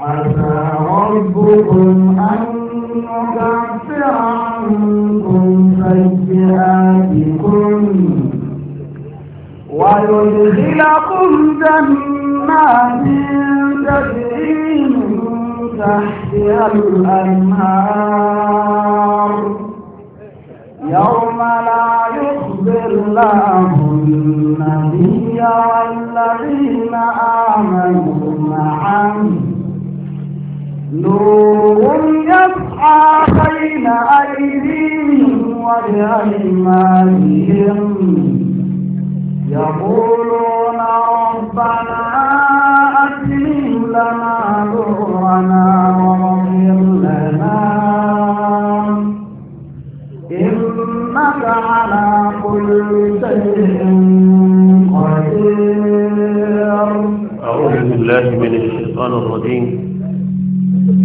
عسى ربكم أن يكفر عنكم سيئاتكم ويدخلكم جنات تجري من تحتها الأنهار يوم لا يخزي الله النبي والذين آمنوا معه نور يسحى بين أيديهم وبأيمانهم يقولون ربنا أكرم لنا نورنا واغفر لنا إنك على كل شيء قدير أعوذ بالله من الشيطان الرجيم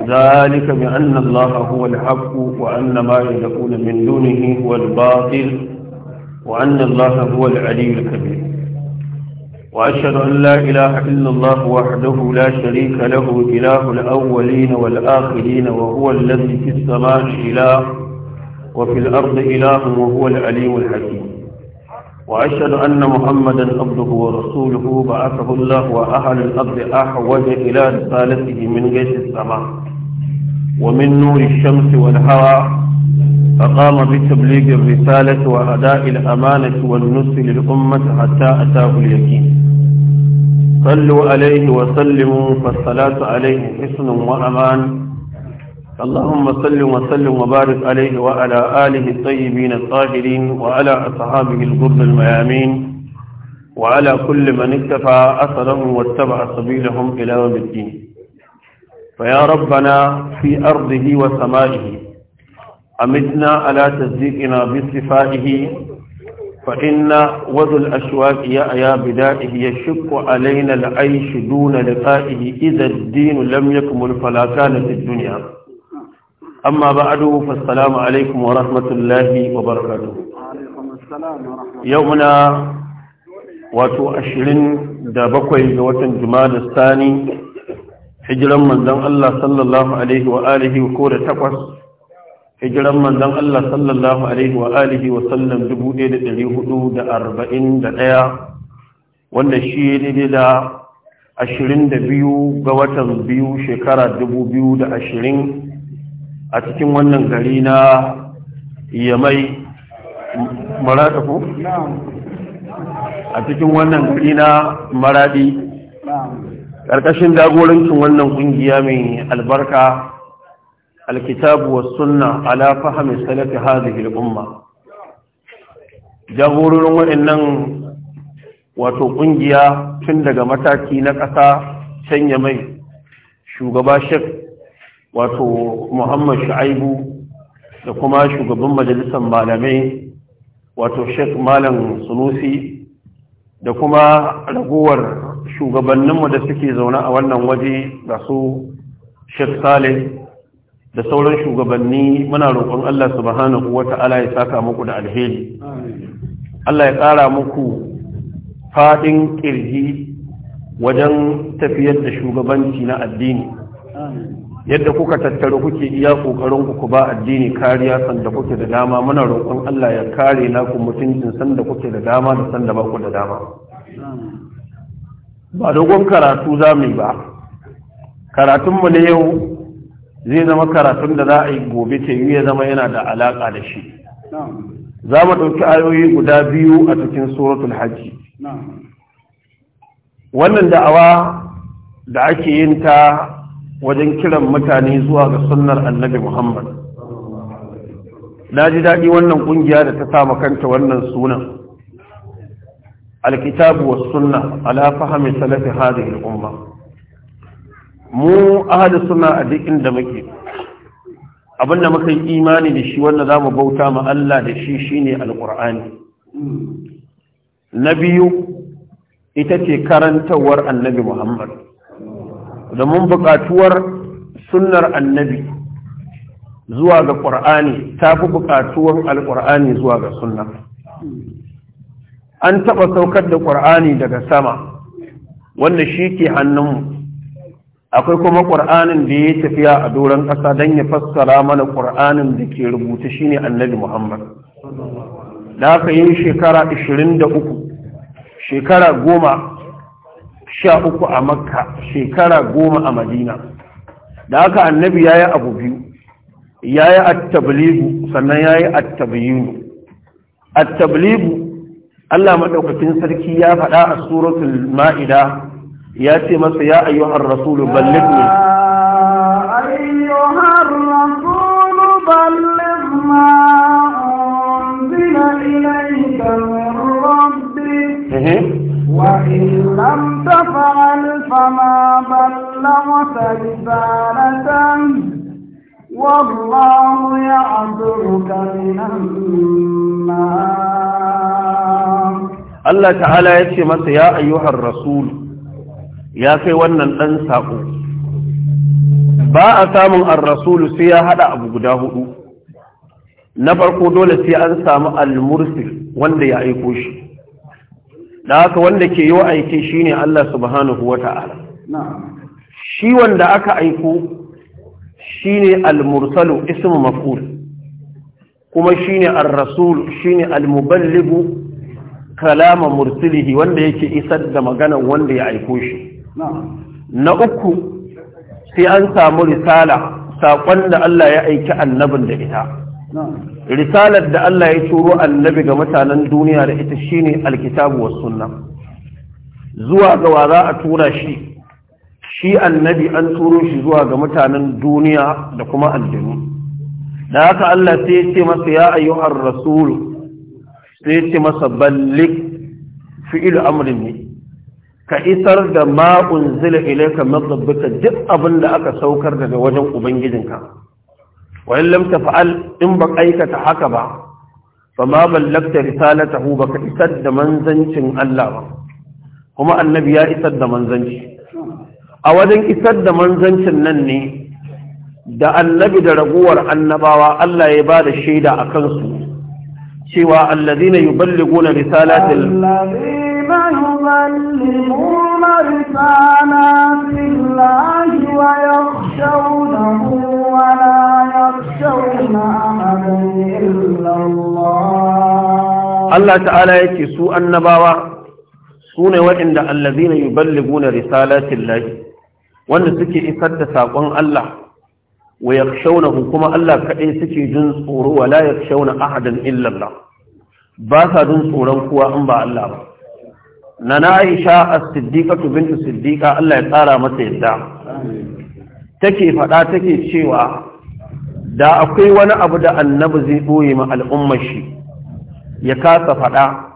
ذلك بأن الله هو الحق وأن ما يدعون من دونه هو الباطل وأن الله هو العلي الكبير وأشهد أن لا إله إلا الله وحده لا شريك له إله الأولين والآخرين وهو الذي في السماء إله وفي الأرض إله وهو العليم الحكيم وأشهد أن محمدا عبده ورسوله بعثه الله وأهل الأرض أحوج إلى رسالته من جيش السماء ومن نور الشمس والهوى فقام بتبليغ الرسالة وأداء الأمانة والنصر للأمة حتى أتاه اليقين صلوا عليه وسلموا فالصلاة عليه حسن وأمان اللهم صل وسلم وبارك عليه وعلى آله الطيبين الطاهرين وعلى أصحابه الغر الميامين وعلى كل من اكتفى أثرهم واتبع سبيلهم إلى يوم الدين فيا ربنا في أرضه وسمائه أمتنا على تصديقنا بصفائه فإن وذو الأشواك يا أيا بدائه يشق علينا العيش دون لقائه إذا الدين لم يكمل فلا كانت الدنيا أما بعد فالسلام عليكم ورحمة الله وبركاته يومنا wato ashirin da bakwai ga watan da sani hijiran manzan Allah sallallahu alaihi wa alihi ko da takwas hijiran manzan Allah sallallahu alaihi wa alihi wa sallam dubu ɗaya da ɗari hudu da arba'in da ɗaya wanda shi ne da ashirin da biyu ga watan biyu shekara dubu biyu da ashirin a cikin wannan gari na yamai mai ko? a cikin wannan gari na maradi ƙarƙashin jagorancin wannan ƙungiya mai albarka alkitabu wa sunna ala fahimi salafi hadhihi umma jagororin waɗannan wato ƙungiya tun daga mataki na ƙasa canya mai shugaba shek wato muhammad shu'aibu da kuma shugaban majalisar malamai wato sheikh malam sunusi da kuma ragowar shugabanninmu da suke zaune a wannan waje da su sheikh da sauran shugabanni muna roƙon allah subhanahu wa ta'ala ya saka muku da alheri allah ya ƙara muku faɗin ƙirji wajen tafiyar da shugabanci na addini yadda kuka tattara kuke iya kokarin ku ku ba addini kariya sanda kuke da dama muna roƙon Allah ya kare na ku mutuncin sanda kuke da dama da sanda ba ku da dama ba dogon karatu za mu ba karatunmu na yau zai zama karatun da za a yi gobe ta yi ya zama yana da alaƙa da shi za mu ɗauki ayoyi guda biyu a cikin suratul hajji wannan da'awa da ake yin ta wajen kiran mutane zuwa ga sunnar annabi muhammad na ji daɗi wannan ƙungiya da ta sama kanta wannan sunan alkitabu wa sunna ala fahimi salafi hadhihi al-umma mu ahli sunna a duk inda muke abinda muka yi imani da shi wanda zamu bauta ma Allah da shi shine alqur'ani na biyu ita ce karantawar annabi Muhammad mun buƙatuwar sunnar annabi zuwa ga ƙur'ani ta fi buƙatuwar alƙur'ani zuwa ga sunna an taɓa saukar da ƙur'ani daga sama wanda shi ke hannunmu akwai kuma ƙur'anin da ya tafiya a doron ƙasa don ya fassara mana ƙur'anin da ke rubuta shi ne annabi muhammad da aka yi shekara 23 shekara goma sha uku a makka shekara goma a madina da haka annabi ya yi abu biyu ya yi attabligu sannan ya yi attabiyunu attabligu allah maɗaukacin sarki ya faɗa a suratul ma'ida ya ce masa ya ayyuhar rasulu ballig ne وإن لم تفعل فما بلغت رسالة والله يعذرك من النار الله تعالى يتي يا أيها الرسول يا كي ونن أنساقو ba a samun ar-rasul sai ya hada abu guda hudu na farko dole sai an samu al wanda ya aiko shi da haka wanda ke yi wa aiki shine Allah subhanahu ta'ala. shi wanda aka aiko shine al-mursalu ismu maf'ul kuma shine ar-rasul shine al-muballighu kalama mursilihi wanda yake isar da magana wanda ya aiko shi na uku sai an samu risala saƙon da Allah ya aiki annabin da ita risalar da Allah ya turo annabi ga mutanen duniya da ita shine alkitabu was sunna zuwa ga wa za a tura shi shi annabi an turo shi zuwa ga mutanen duniya da kuma aljanu da haka Allah sai ya ce masa ya ayyuhar rasul sai ce masa ballik fi'il amrin ne ka isar da ma unzila ilayka min rabbika duk abin da aka saukar daga wajen ubangijinka wa in lam tafa'al in ba aikata haka ba fa ma ballagta risalatahu baka isar da manzancin Allah ba kuma annabi ya isar da manzanci a wajen isar da manzancin nan ne da annabi da raguwar annabawa Allah ya ba da shaida a kansu cewa allazina yuballiguna risalatil allazina yuballiguna risalatil Allah ta'ala yake su annabawa su ne waɗanda allazina yuballiguna risalatin lahi wanda suke isar da saƙon Allah wa yakshawnahu kuma Allah kaɗai suke jin tsoro wa la yakshawna ahadan illa ba sa jin tsoron kowa an ba Allah ba nana Aisha as-Siddiqatu bint Siddiqa Allah ya tsara mata yadda take faɗa take cewa da akwai wani abu da annabi zai boye ma al'ummar shi ya kasa faɗa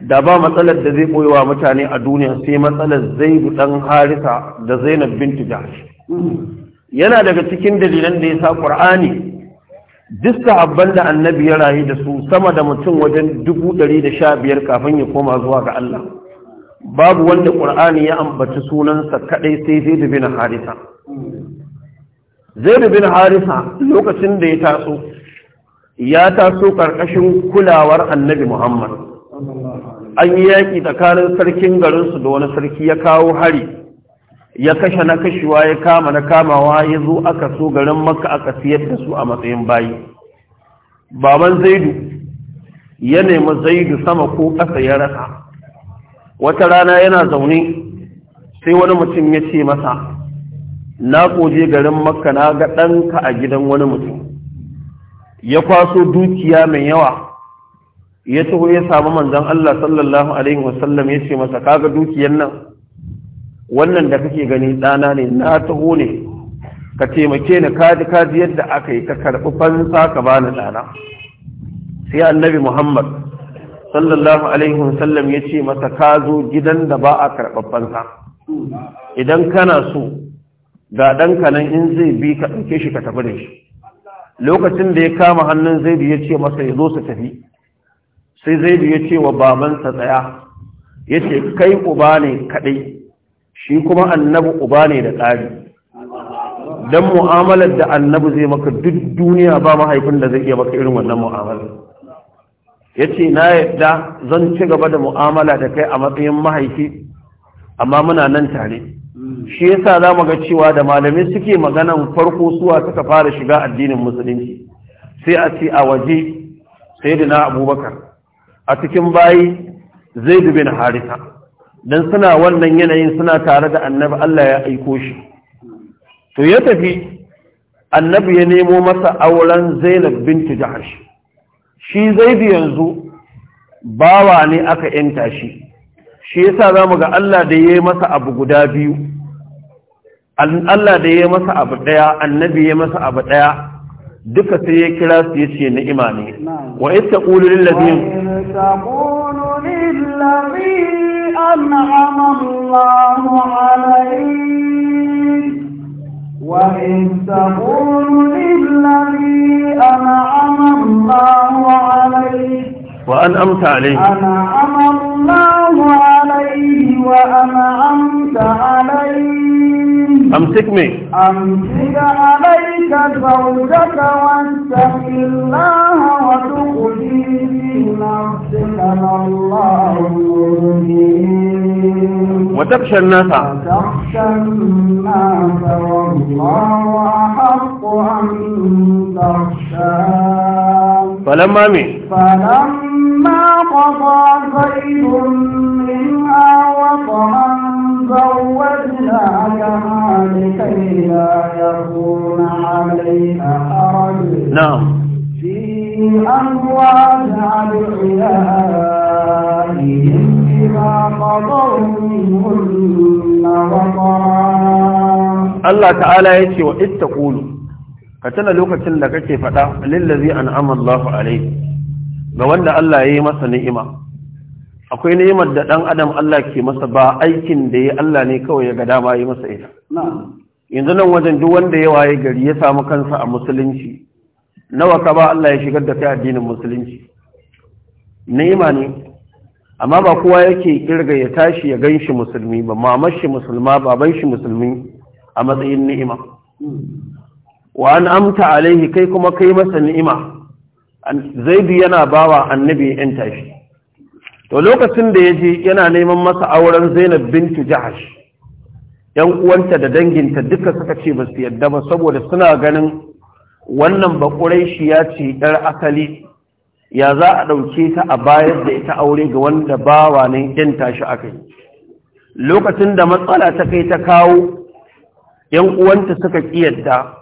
da ba matsalar da zai ɓoyewa mutane a duniya sai matsalar zai buɗan harisa da zainab binti jahash yana daga cikin dalilan da ya sa ƙur'ani duk sahabban da annabi ya rayu da su sama da mutum wajen dubu ɗari da sha biyar kafin ya koma zuwa ga Allah babu wanda ƙur'ani ya ambaci sunansa kaɗai sai zai dubi harisa zai dubi harisa lokacin da ya taso ya taso ƙarƙashin kulawar annabi Muhammad. An yi yaƙi tsakanin sarkin garinsu da wani sarki ya kawo hari, ya kashe na kashewa ya kama na kamawa ya zo aka so garin maka aka siyar da su a matsayin bayi. Baban Zaidu ya nemi Zaidu sama ko ƙasa ya rasa. Wata rana yana zaune sai wani mutum ya ce masa, Na koje garin makka na ga ɗanka a gidan wani mutum. ya kwaso dukiya mai yawa ya taho ya samu manzon Allah sallallahu alaihi wasallam ya ce masa kaga dukiyar nan wannan da kake gani ɗana ne na taho ne ka taimake ni kaji kaji yadda aka yi ka karɓi fansa ka bani ɗana sai annabi Muhammad sallallahu alaihi wasallam ya ce masa ka zo gidan da ba a karɓar fansa idan kana so ga ɗanka nan in zai bi ka ɗauke shi ka tafi da shi lokacin da ya kama hannun zaidu ya ce masa ya zo su tafi sai zaidu ya ce wa babansa tsaya ya ce kai uba ne kaɗai shi kuma annabi uba ne da tsari don mu'amalar da annabi zai maka duk duniya ba mahaifin da zai iya maka irin wannan mu'amalar ya ce na yadda zan ci gaba da mu'amala da kai a matsayin mahaifi amma muna nan tare shi yasa za mu ga cewa da malamai suke maganan farko suwa suka fara shiga addinin musulunci sai a ce a waje sayyidina abubakar a cikin bayi zaid bin harisa dan suna wannan yanayin suna tare da annabi Allah ya aiko shi to ya tafi annabi ya nemo masa auren zainab bintu jahash shi zaid yanzu bawa ne aka yanta shi shi yasa zamu ga Allah da ya yi masa abu guda biyu Allah da ya masa abu ɗaya, annabi ya masa abu ɗaya. duka sai ya kira su ya ce ni'ima ne wa ita ƙulu lillazin أنعم الله عليه وإن تقول للذي أنعم الله عليه وأنعمت عليه أنعم Wa an amta عليه أمسك مي أمسك عليك زوجك واتق الله وتخفي نفسك ما الله وتخشى الناس وتخشى الناس والله أحق أن تخشى فلما مي فلما قضى زيد منها وطرا زوجناك كي لا يكون عليك حرج نعم في أموال أدعيائهم بما قضوا منهن وطرا الله تعالى يتي وإذ تقول فتنا لوكتن لك كيف فتح للذي أنعم الله عليه ga wanda Allah ya yi masa ni'ima akwai ni'imar da ɗan adam Allah ke masa ba aikin da ya Allah ne kawai ya ga dama yi masa ita yanzu nan wajen duk wanda ya waye gari ya samu kansa a musulunci nawa ka ba Allah ya shigar da kai addinin musulunci ni'ima ne amma ba kowa yake kirga ya tashi ya gan shi musulmi ba mamar shi musulma baban shi musulmi a matsayin ni'ima wa an amta alaihi kai kuma kai masa ni'ima zaidu yana bawa annabi yan tashi to lokacin da ya je yana neman masa auren zainab bintu jahash yan uwanta da danginta duka suka ce ba su yadda ba saboda suna ganin wannan bakurai shi ya ce yar asali ya za a ɗauke ta a bayar da ita aure ga wanda bawa ne yan tashi aka yi lokacin da matsala ta kai ta kawo yan uwanta suka ƙi yadda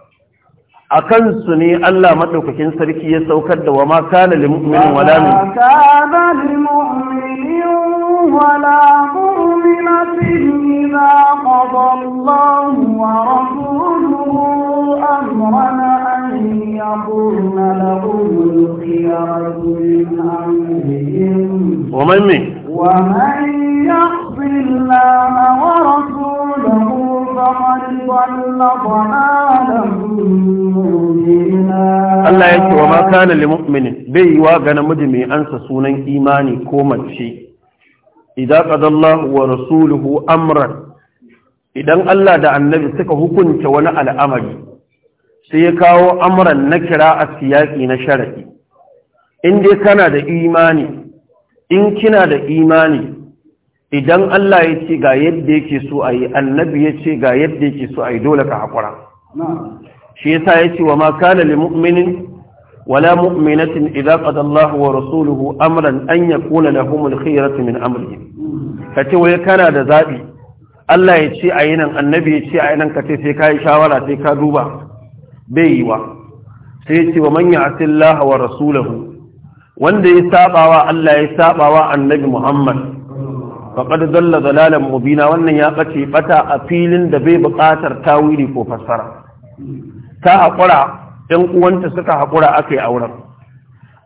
a kansu ne Allah maɗaukakin sarki ya saukar da wa ma kana lil mu'minin wala min kana lil mu'minin wala mu'minatin idza qada Allahu wa rasuluhu amran an yakuna lahum al-khiyaratu min amrihim wa man min wa man ya'sil Allah wa rasuluhu ya ya wa مبينا na bai bai yi wa بي واغن مدمي ansa sunan imani ko mace. إذا ƙadallahu wa rasuluhu amran. idan Allah da annabi suka hukunta wani al'amari sai ya kawo amran na kira a siyaƙi na sharaɗi in dai kana da imani in kina da imani idan Allah ya ce ga yadda yake so a yi annabi ya ce ga yadda yake so a yi dole ka haƙura shi yasa ya ce wa ma kana wala mu'minatin idza qada wa rasuluhu amran an Kuna, lahum al khiyaratu min Ka ce wai kana da zabi Allah ya ce a yi nan annabi ya ce a yi nan ce, sai ka yi shawara sai ka duba bai yi wa sai ya ce wa man ya'ti wa rasuluhu wanda ya wa Allah ya wa annabi Muhammad faƙar dalla dalalan mubina wannan ya ɓace ɓata a filin da bai buƙatar tawili ko fassara ta haƙura ‘yan uwanta suka haƙura aka yi auren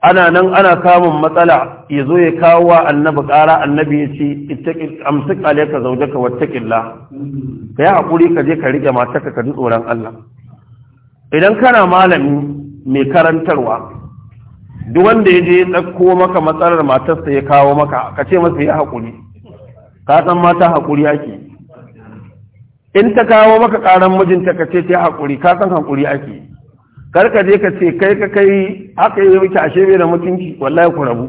ana nan ana kamun matsala ya zo ya kawo wa annabi ƙara annabi ya ce amsik alaika zaujaka wattaƙilla ka yi haƙuri ka je ka riƙe matarka ka ji tsoron Allah idan kana malami mai karantarwa duk wanda ya je ya ɗauko maka matsalar matarsa ya kawo maka ka ce masa ya haƙuri ka san mata haƙuri ake in ta kawo maka ƙaran mijinta ka ce ta haƙuri ka san haƙuri ake kar ka je ka ce kai ka kai haka yi miki ashe bai da mutunci wallahi ku rabu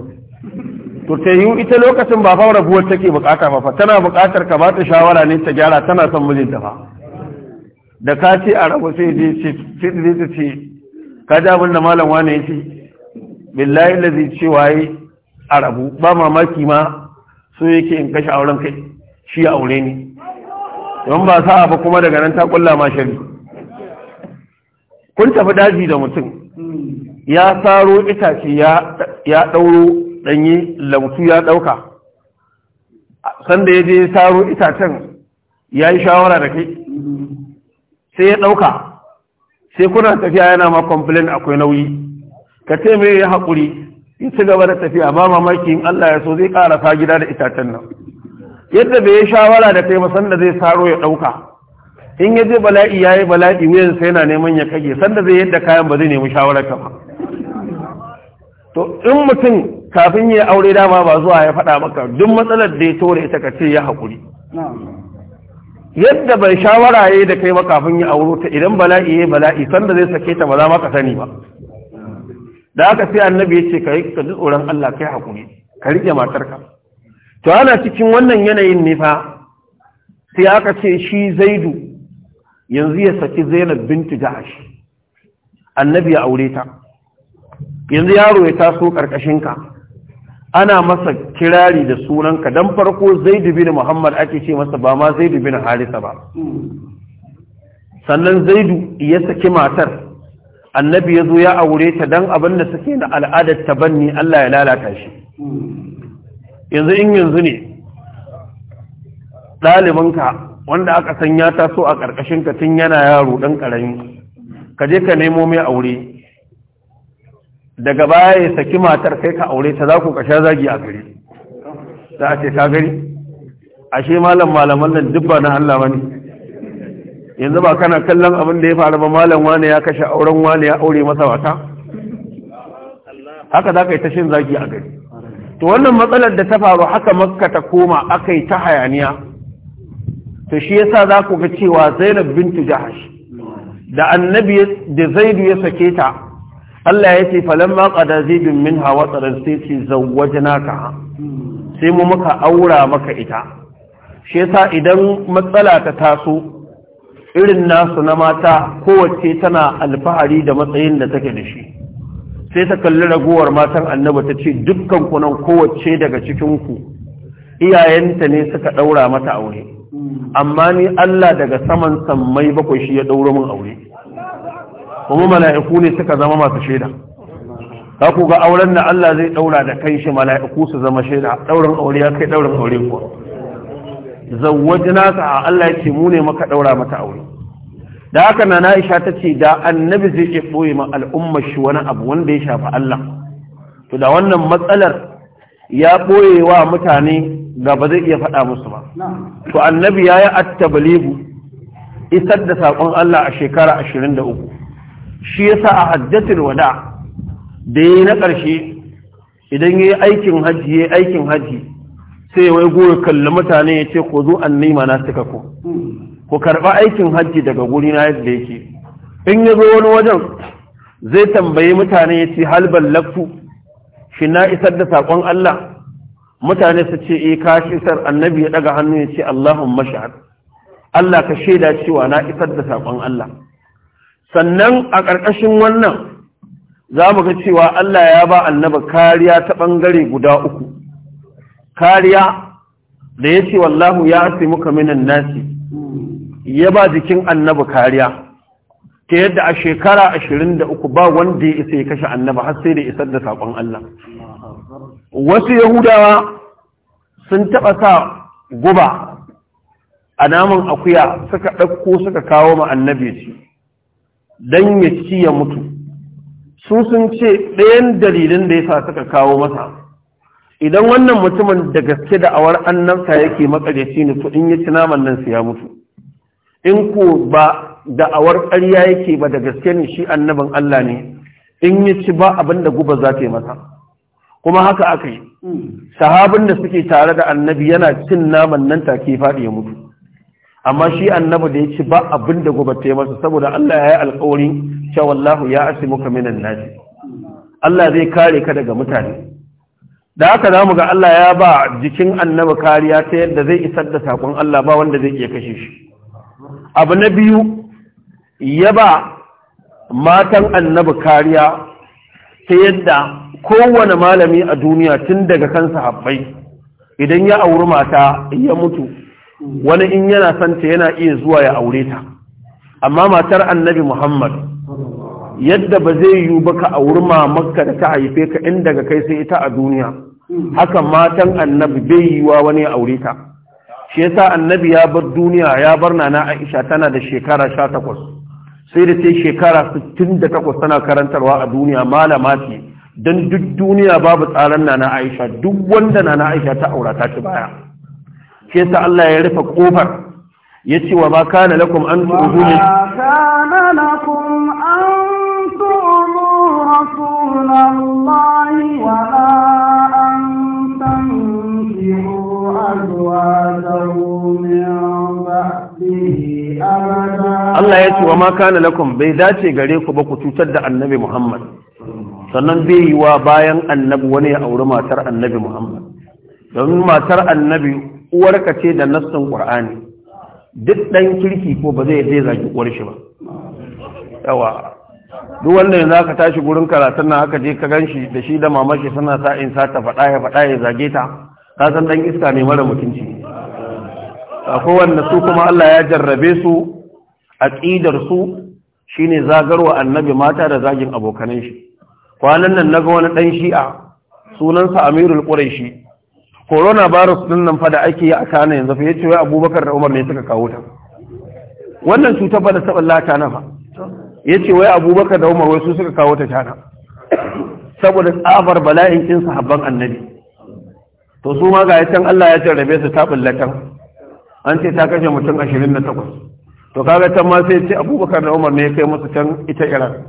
to ta yi ita lokacin ba fa rabuwar take bukata ba fa tana bukatar ka ba ta shawara ne ta gyara tana son mijinta fa da ka ce a rabu sai je ce sai ta ce ka ji abin da malam wane ya ce billahi lazi ce waye a rabu ba mamaki ma so yake in kashe auren kai shi aure ni don ba sa'a ba kuma daga nan ta kulla ma shari kun tafi daji da mutum ya saro itace ya ɗauro ɗanyi lamtu ya ɗauka sanda ya je saro itacen ya yi shawara da kai sai ya ɗauka sai kuna tafiya yana ma complain akwai nauyi ka ce mai ya haƙuri in ci gaba da tafiya ba mamaki in Allah ya so zai ƙara sa gida da itacen nan yadda bai yi shawara da kai sanda zai saro ya ɗauka in ya je bala'i ya yi bala'i wuyan sai yana neman ya kage sanda zai yadda kayan ba zai nemi shawara ka ba to in mutum kafin ya aure dama ba zuwa ya faɗa maka duk matsalar da ya tore ita ka ce ya haƙuri yadda bai shawara ya yi da kai ba kafin ya auro ta idan bala'i ya yi bala'i sanda zai sake ta ba za ma ka sani ba da aka sai annabi ya ce ka ka ji tsoron Allah kai hakuri ka rike matarka to ana cikin wannan yanayin ne fa sai aka ce shi Zaidu yanzu ya saki Zainab bintu Jahash annabi ya aure ta yanzu yaro ya taso karkashin ka ana masa kirari da sunanka dan farko Zaidu bin Muhammad ake ce masa ba ma Zaidu bin Harisa ba sannan Zaidu ya saki matar annabi ya zo ya aure ta don abin da suke na al'adar ta banni Allah ya lalata shi yanzu in yanzu ne ɗalibinka, wanda aka san ya taso a ƙarƙashin ka tun yana yaro ɗan ƙarami ka je ka nemo mai aure daga baya ya saki matar kai ka aure ta za ku kasha zagi a gari za a ce ka gari ashe malam malaman nan dubba na Allah ne. yanzu ba kana kallon abin da ya faru ba malam wani ya kashe auren wani ya aure masa wata haka za ka yi tashin zaki a gari to wannan matsalar da ta faru haka makka ta koma aka yi ta hayaniya to shi yasa za ku ga cewa zainab bintu jahash da annabi da zaidu ya sake ta Allah ya ce falamma qada zaidun minha wa tsaran sai ce zawwajnaka sai mu muka aura maka ita shi yasa idan matsala ta taso irin nasu na mata kowace tana alfahari da matsayin da take da shi sai ta kalli ragowar matan annaba ta ce dukkan kunan kowace daga cikinku iyayenta ne suka ɗaura mata aure amma ni Allah daga saman sammai bakwai shi ya ɗaura min aure kuma mala'iku ne suka zama masu shaida ka ku ga auren da Allah zai ɗaura da kanshi mala'iku su zama shaida ɗaurin aure ya kai ɗaurin aure kuwa nasa a Allah ya ce mu ne maka ɗaura mata aure da haka na Aisha ta ce da annabi zai iya boye ma al'umma shi wani abu wanda ya shafi Allah to da wannan matsalar ya ɓoye wa mutane da ba zai iya faɗa musu ba to annabi ya yi attabalibu isar da saƙon Allah a shekara da uku. shi yasa a haddatin wada da yayi na ƙarshe idan yayi aikin haji aikin haji sai wai goyi kalli mutane ya ce ku zo an nima na suka ku ku karɓa aikin hajji daga guri na yadda yake in ya zo wani wajen zai tambayi mutane ya ce hal lafu shi na isar da saƙon Allah mutane su ce eh ka isar annabi ya daga hannu ya ce Allahun shahad Allah ka shaida cewa na isar da saƙon Allah sannan a ƙarƙashin wannan za mu ga cewa Allah ya ba annaba kariya ta ɓangare guda uku kariya da ya ce wallahu ya asi muka minan nasi ya ba jikin annabi kariya ta yadda a shekara ashirin da uku ba wanda ya isa ya kashe annabi har sai da isar da saƙon Allah. Wasu Yahudawa sun taɓa sa guba a naman akuya suka ɗauko suka kawo ma annabi ci don ya ci ya mutu. Su sun ce ɗayan dalilin da ya sa suka kawo masa idan wannan mutumin da gaske da awar annabta yake makaryaci ne to in ya ci naman nan su ya mutu in ko ba da awar ƙarya yake ba da gaske ne shi annabin Allah ne in ya ci ba abin da guba za ta yi masa kuma haka aka yi sahabin da suke tare da annabi yana cin naman nan take faɗi ya mutu amma shi annabi da ya ci ba abin da guba ta yi masa saboda Allah ya yi alƙawarin cewa wallahu ya asimuka minan nasi Allah zai kare ka daga mutane da haka za mu ga Allah ya ba jikin annabi kariya ta yadda zai isar da saƙon Allah ba wanda zai iya kashe shi abu na biyu ya ba matan annabi kariya ta yadda kowane malami a duniya tun daga kansa habbai idan ya auri mata ya mutu wani in yana santa yana iya zuwa ya aure ta amma matar annabi muhammad yadda ba zai yiwu ba ka auri mamakka da ta haife ka in daga kai sai ita a duniya haka matan annabi bai yiwa wani a aure ta shi yasa annabi ya bar duniya ya bar nana Aisha tana da shekara takwas. sai da ta shekara takwas tana karantarwa a duniya malama ce dan duk duniya babu tsaron nana Aisha duk wanda nana Aisha ta aura ta ci baya shi yasa Allah ya rufe kofar ce wa ba kana lakum an tu'udun kana lakum رسول الله ولا أن تنكحوا أزواجه من بعده أبدا الله يأتي وما كان لكم بيداتي غريكم بكتوتد النبي محمد sannan bai yi wa bayan annabi wani ya auri matar annabi Muhammad domin matar annabi uwarka ce da nassin Qur'ani duk dan kirki ko ba zai zai zaki uwar shi ba yawa duk wanda yanzu aka tashi gurin karatun nan aka je ka shi da shi da mamaki suna sa in sa ta faɗa ya faɗa ya zage ta ka san dan iska ne mara mutunci akwai wanda su kuma Allah ya jarrabe su aqidar su shine zagarwa annabi mata da zagin abokanan shi kwanan nan naga wani dan shi'a sunansa Amirul Quraishi virus din nan fa da ake yi a kana yanzu fa yace wai Abubakar da Umar ne suka kawo ta wannan cutar fa da lata na fa ya ce wai abubakar da umar wai su suka kawo ta shana saboda tsabar bala'in kin sahabban annabi to su ma ga can Allah ya jarrabe su ta latan an ce ta kashe mutum ashirin na takwas. to kaga can ma sai ce abubakar da umar ne ya kai musu can ita iran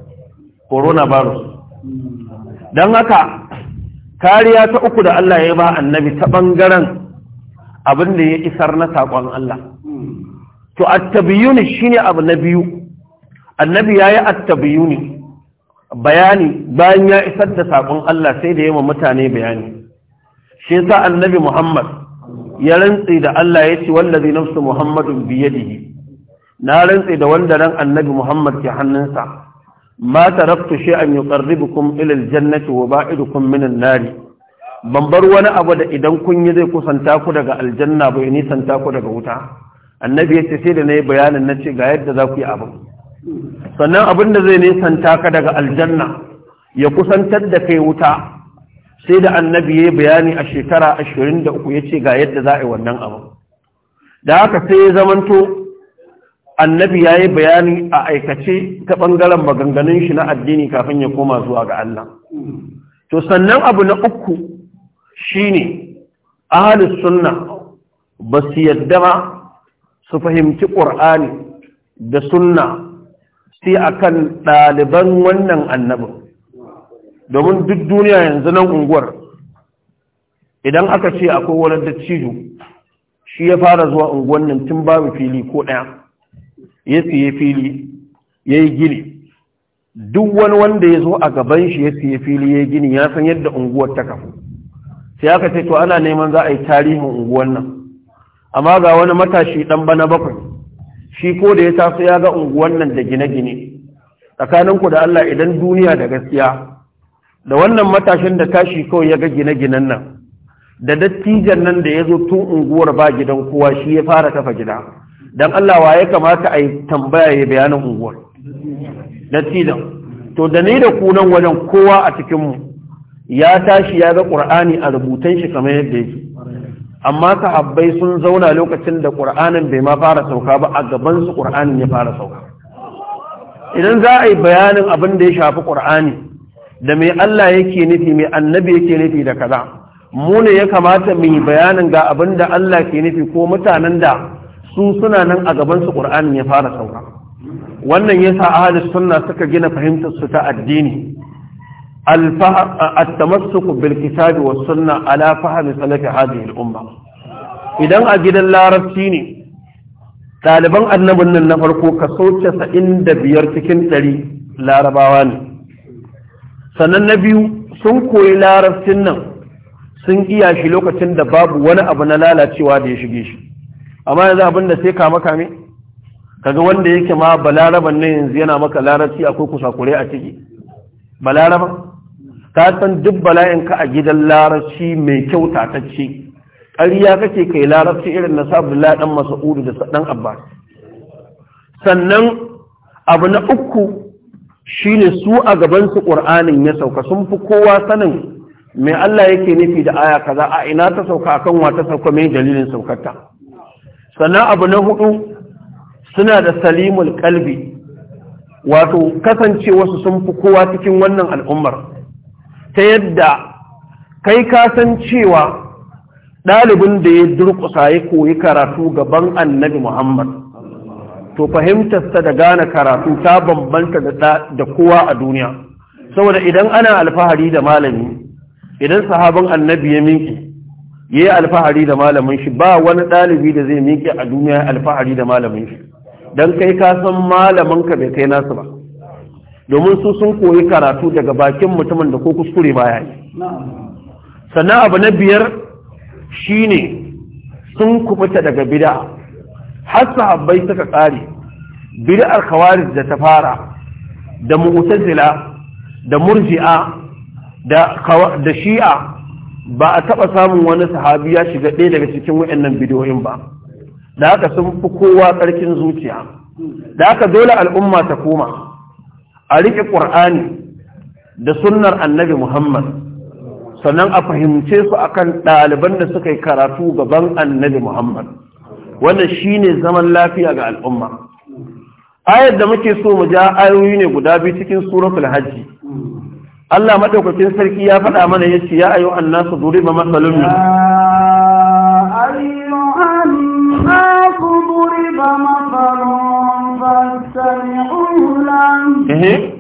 corona virus don haka kariya ta uku da Allah ya ba annabi ta bangaren abin da ya isar na saƙon Allah to at-tabiyyun shine abu na biyu annabi ya yi attabiyuni bayani bayan ya isar da saƙon Allah sai da yawan mutane bayani shi yasa annabi Muhammad ya rantse da Allah ya ce wallazi nafsu Muhammadun biyadihi na rantse da wanda ran annabi Muhammad ke hannunsa ma taraktu shay'an yuqarribukum ila aljannati wa ba'idukum min an-nar ban bar wani abu da idan kun yi zai kusanta ku daga aljanna bai nisanta ku daga wuta annabi ya ce sai da nayi bayanin nace ga yadda za ku yi abin sannan abin da zai nisanta ka daga aljanna ya kusantar da kai wuta sai da annabi ya bayani a shekara ashirin da uku ya ce ga yadda za a yi wannan abin da haka sai ya zamanto annabi ya yi bayani a aikace ta ɓangaren maganganun shi na addini kafin ya koma zuwa ga Allah to sannan abu na uku shine ahalus sunna ba su yadda ba su fahimci ƙur'ani da sunna sai akan ɗaliban wannan annabin domin duk duniya yanzu nan unguwar idan aka ce akwai wani dattijo shi ya fara zuwa unguwar nan tun babu fili ko ɗaya ya siye fili ya yi gini duk wani wanda ya zo a gaban shi ya siye fili ya yi gini ya san yadda unguwar ta kafu sai aka ce to ana neman za a yi tarihin unguwar nan amma ga wani matashi ɗan bana bakwai shi ko da ya taso ya ga unguwan nan da gine-gine tsakanin ku da Allah idan duniya da gaskiya da wannan matashin da tashi kawai ya ga gine-ginen nan da dattijan nan da ya zo tun unguwar ba gidan kowa shi ya fara kafa gida don Allah wa ya kamata a yi tambaya ya bayanin unguwar dattijan to da ni da kunan wajen kowa a cikinmu ya tashi ya ga ƙur'ani a rubutan shi kamar yadda yake amma sahabbai sun zauna lokacin da ƙur'anin bai ma fara sauka ba a gaban su ƙur'anin ya fara sauka idan za a yi bayanin abin da ya shafi ƙur'ani da mai Allah yake nufi mai annabi yake nufi da kaza mu ne ya kamata mu yi bayanin ga abin da Allah ke nufi ko mutanen da su suna nan a gaban su ƙur'anin ya fara sauka wannan yasa ahlus sunna suka gina fahimtar su ta addini التمسك بالكتاب والسنة على فهم سلف هذه الأمة إذا أجد الله ربتيني ɗaliban annabin nan na farko kaso casa'in da biyar cikin ɗari larabawa ne sannan na biyu sun koyi larabcin nan sun iya shi lokacin da babu wani abu na lalacewa da ya shige shi amma yanzu abin da sai kama kame kaga wanda yake ma balaraban na yanzu yana maka larabci akwai kusakurai a ciki balaraba ka san duk bala'in ka a gidan larabci mai kyau tatacce ƙarya kake kai larabci irin na laɗin dan masa'udu da dan abba. sannan abu na uku shine su a gabansu ƙur'anin ya sauka sun fi kowa sanin mai Allah yake nufi da aya kaza a ina ta sauka a wa ta sauka mai dalilin saukarta sannan abu na hudu suna da salimul kalbi wato kasancewa su sun fi kowa cikin wannan al'ummar ta yadda kai kasan cewa ɗalibin da ya durƙusa ya koyi karatu gaban annabi Muhammad to fahimtarsa da gane karatu ta bambanta da kowa a duniya saboda idan ana alfahari da malami idan sahabin annabi ya minki ya yi alfahari da malamin shi ba wani ɗalibi da zai minki a duniya alfahari da malamin shi don kai kasan san malaminka bai kai nasu ba domin su sun koyi karatu daga bakin mutumin da ko kuskure baya yi sannan abu na biyar shi ne sun kubuta daga bid'a har sahabbai suka kare bid'ar kawaris da ta fara da mu'tazila da murji'a da shi'a ba a taɓa samun wani sahabi ya shiga ɗaya daga cikin waɗannan bidiyoyin ba da haka sun fi kowa ƙarkin zuciya da haka dole al'umma ta koma a riƙe ƙur'ani da sunnar annabi muhammad sannan a fahimce su akan ɗaliban da suka yi karatu gaban annabi muhammad wannan ne zaman lafiya ga al'umma ayar da muke so mu ja ayoyi ne guda biyu cikin suratul hajji Allah madaukakin sarki ya faɗa mana yace ya ayu annasu duriba masalun ya ayyuhan nasu duriba masalun fastami'u إيه؟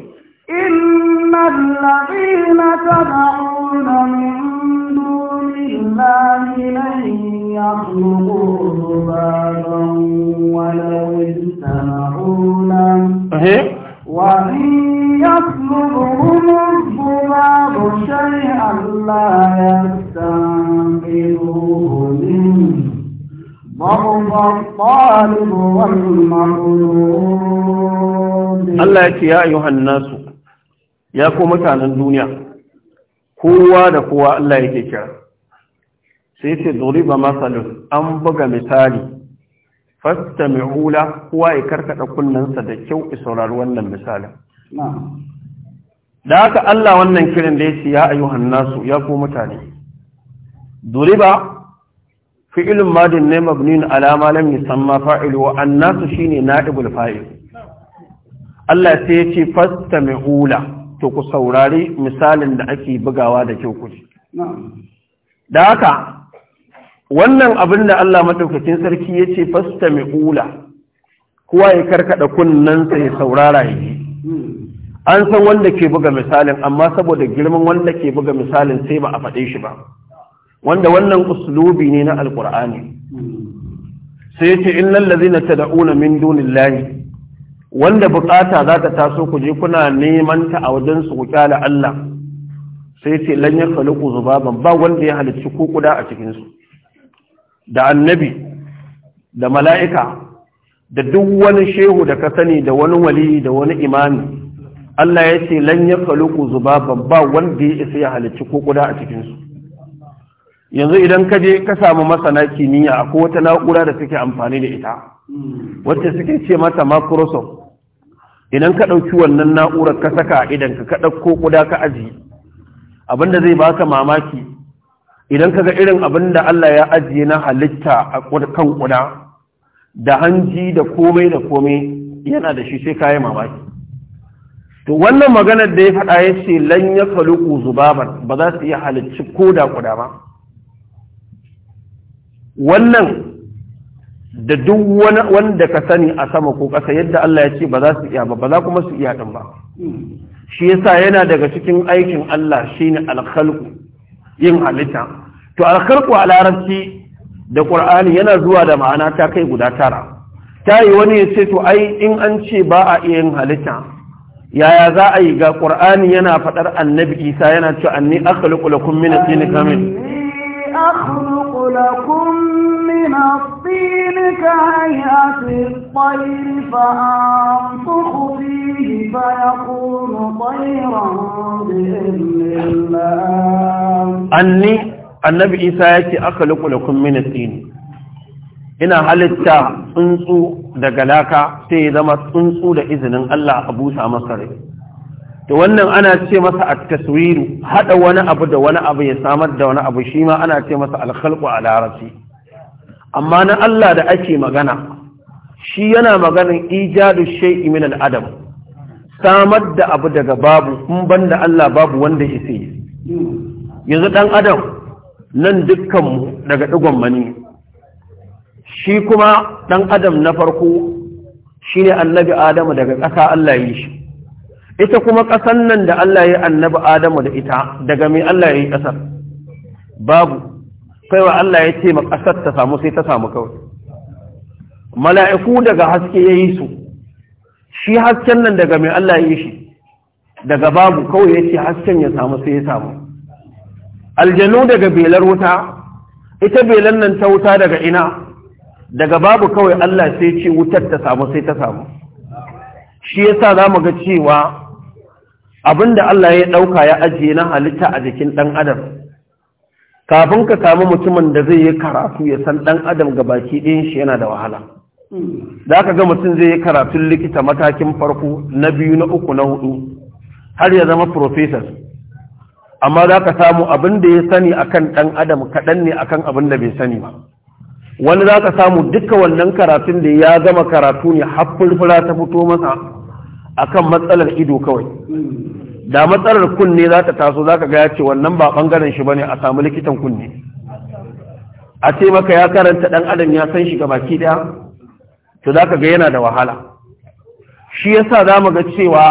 إن الذين تدعون من دون الله لن يخلقوا ذبابا ولو اجتمعوا إيه؟ وإن يطلبهم الذباب شيئا لا يستنقذوه منه Allah ya ce ya ayyuhan nasu ya ko mutanen duniya kowa da kowa Allah yake kira sai ce ba masalin an buga misali mai hula kowa ya karkaɗa kunnensa da kyau ya saurari wannan misalin da haka Allah wannan kiran da ya ce ya ayyuhan nasu ya ko mutane ba fi'il madin ne mabnin alama ma lam yusamma fa'il wa annasu shine na'ibul fa'il Allah sai ya ce ula, to ku saurari misalin da ake bugawa da kyau ku da haka wannan abin da Allah madaukakin sarki ya ce ula kowa ya karkada sa ya saurara yi hmm. an san wanda ke buga misalin amma saboda girman wanda ke buga misalin sai ba a faɗe shi ba wanda wannan uslubi ne na alkur'ani sai yace innal ladzina tad'una min dunillahi wanda bukata za ta taso ku je kuna neman ta a wajen su kyala Allah sai ce, lan yakhluqu zubaban ba wanda ya halicci ko kuda a cikin su da annabi da mala'ika da duk wani shehu da ka sani da wani wali da wani imami Allah ya ce lan yakhluqu zubaban ba wanda ya isa ya halicci ko kuda a cikin su yanzu idan ka je ka samu masana kimiyya akwai wata na'ura da suke amfani da ita wacce suke ce mata microsoft idan ka ɗauki wannan na'urar ka saka idan ka ka ɗauko ƙuda ka aji abinda zai baka mamaki idan ka ga irin da Allah ya ajiye na halitta a kan ƙuda da hanji da komai da komai yana da shi sai kayi mamaki to wannan maganar da ya faɗa ya ce lan ya faluku zubaban ba za su iya halicci ko da ƙuda ba wannan da duk wanda ka sani a sama ko ƙasa yadda Allah ya ce ba za su iya ba ba za kuma su iya ɗin ba shi yasa yana daga cikin aikin Allah shine alkhalqu yin halitta to alkhalqu a larabci da Qur'ani yana zuwa da ma'ana ta kai guda tara ta yi wani ya ce to ai in an ce ba a iya yin halitta yaya za a yi ga ƙur'ani yana faɗar annabi isa yana cewa anni akhluqu lakum min tinin أخلق لكم من الطين كهيئة الطير فأنفخ فيه فيكون طيرا بإذن الله أني النبي إيسا يأتي أخلق لكم من الطين ina halitta tsuntsu daga laka sai ya zama tsuntsu da izinin Allah a busa to wannan ana ce masa a taswiru haɗa wani abu da wani abu ya samar da wani abu shi ma ana ce masa alkhalƙu a larabci amma na Allah da ake magana shi yana maganin ijadu shay'i min al-adam samar da abu daga babu in banda Allah babu wanda shi sai yanzu ɗan adam nan dukkan mu daga digon mani shi kuma ɗan adam na farko shine annabi adamu daga ƙasa Allah yi shi ita kuma ƙasan nan da Allah ya annabi Adamu da ita daga mai Allah ya yi ƙasar babu kaiwa Allah ya ce ma ƙasar ta samu sai ta samu kawai mala'iku daga haske ya yi su shi hasken nan daga mai Allah ya yi shi daga babu kawai ya ce hasken ya samu sai ya samu aljanu daga belar wuta ita belar nan ta wuta daga ina daga babu kawai Allah sai ce wutar ta samu sai ta samu shi yasa za mu ga cewa Abin da Allah ya ɗauka ya ajiye na halitta a jikin ɗan adam kafin ka samu mutumin da zai yi karatu ya san ɗan adam ga baki ɗin shi yana da wahala da aka ga mutum zai yi karatun likita matakin farko na biyu na uku na hudu har ya zama professor amma za ka samu abin da ya sani akan ɗan adam kaɗan ne akan abin da bai sani ba wani za ka samu duka wannan karatun da ya gama karatu ne har furfura ta fito masa akan matsalar ido kawai da matsalar kunne za ta taso za ka gaya ce wannan ba bangaren shi bane a samu likitan kunne a ce maka ya karanta ɗan adam ya san shi gabaki ɗaya to za ka ga yana da wahala shi yasa za mu ga cewa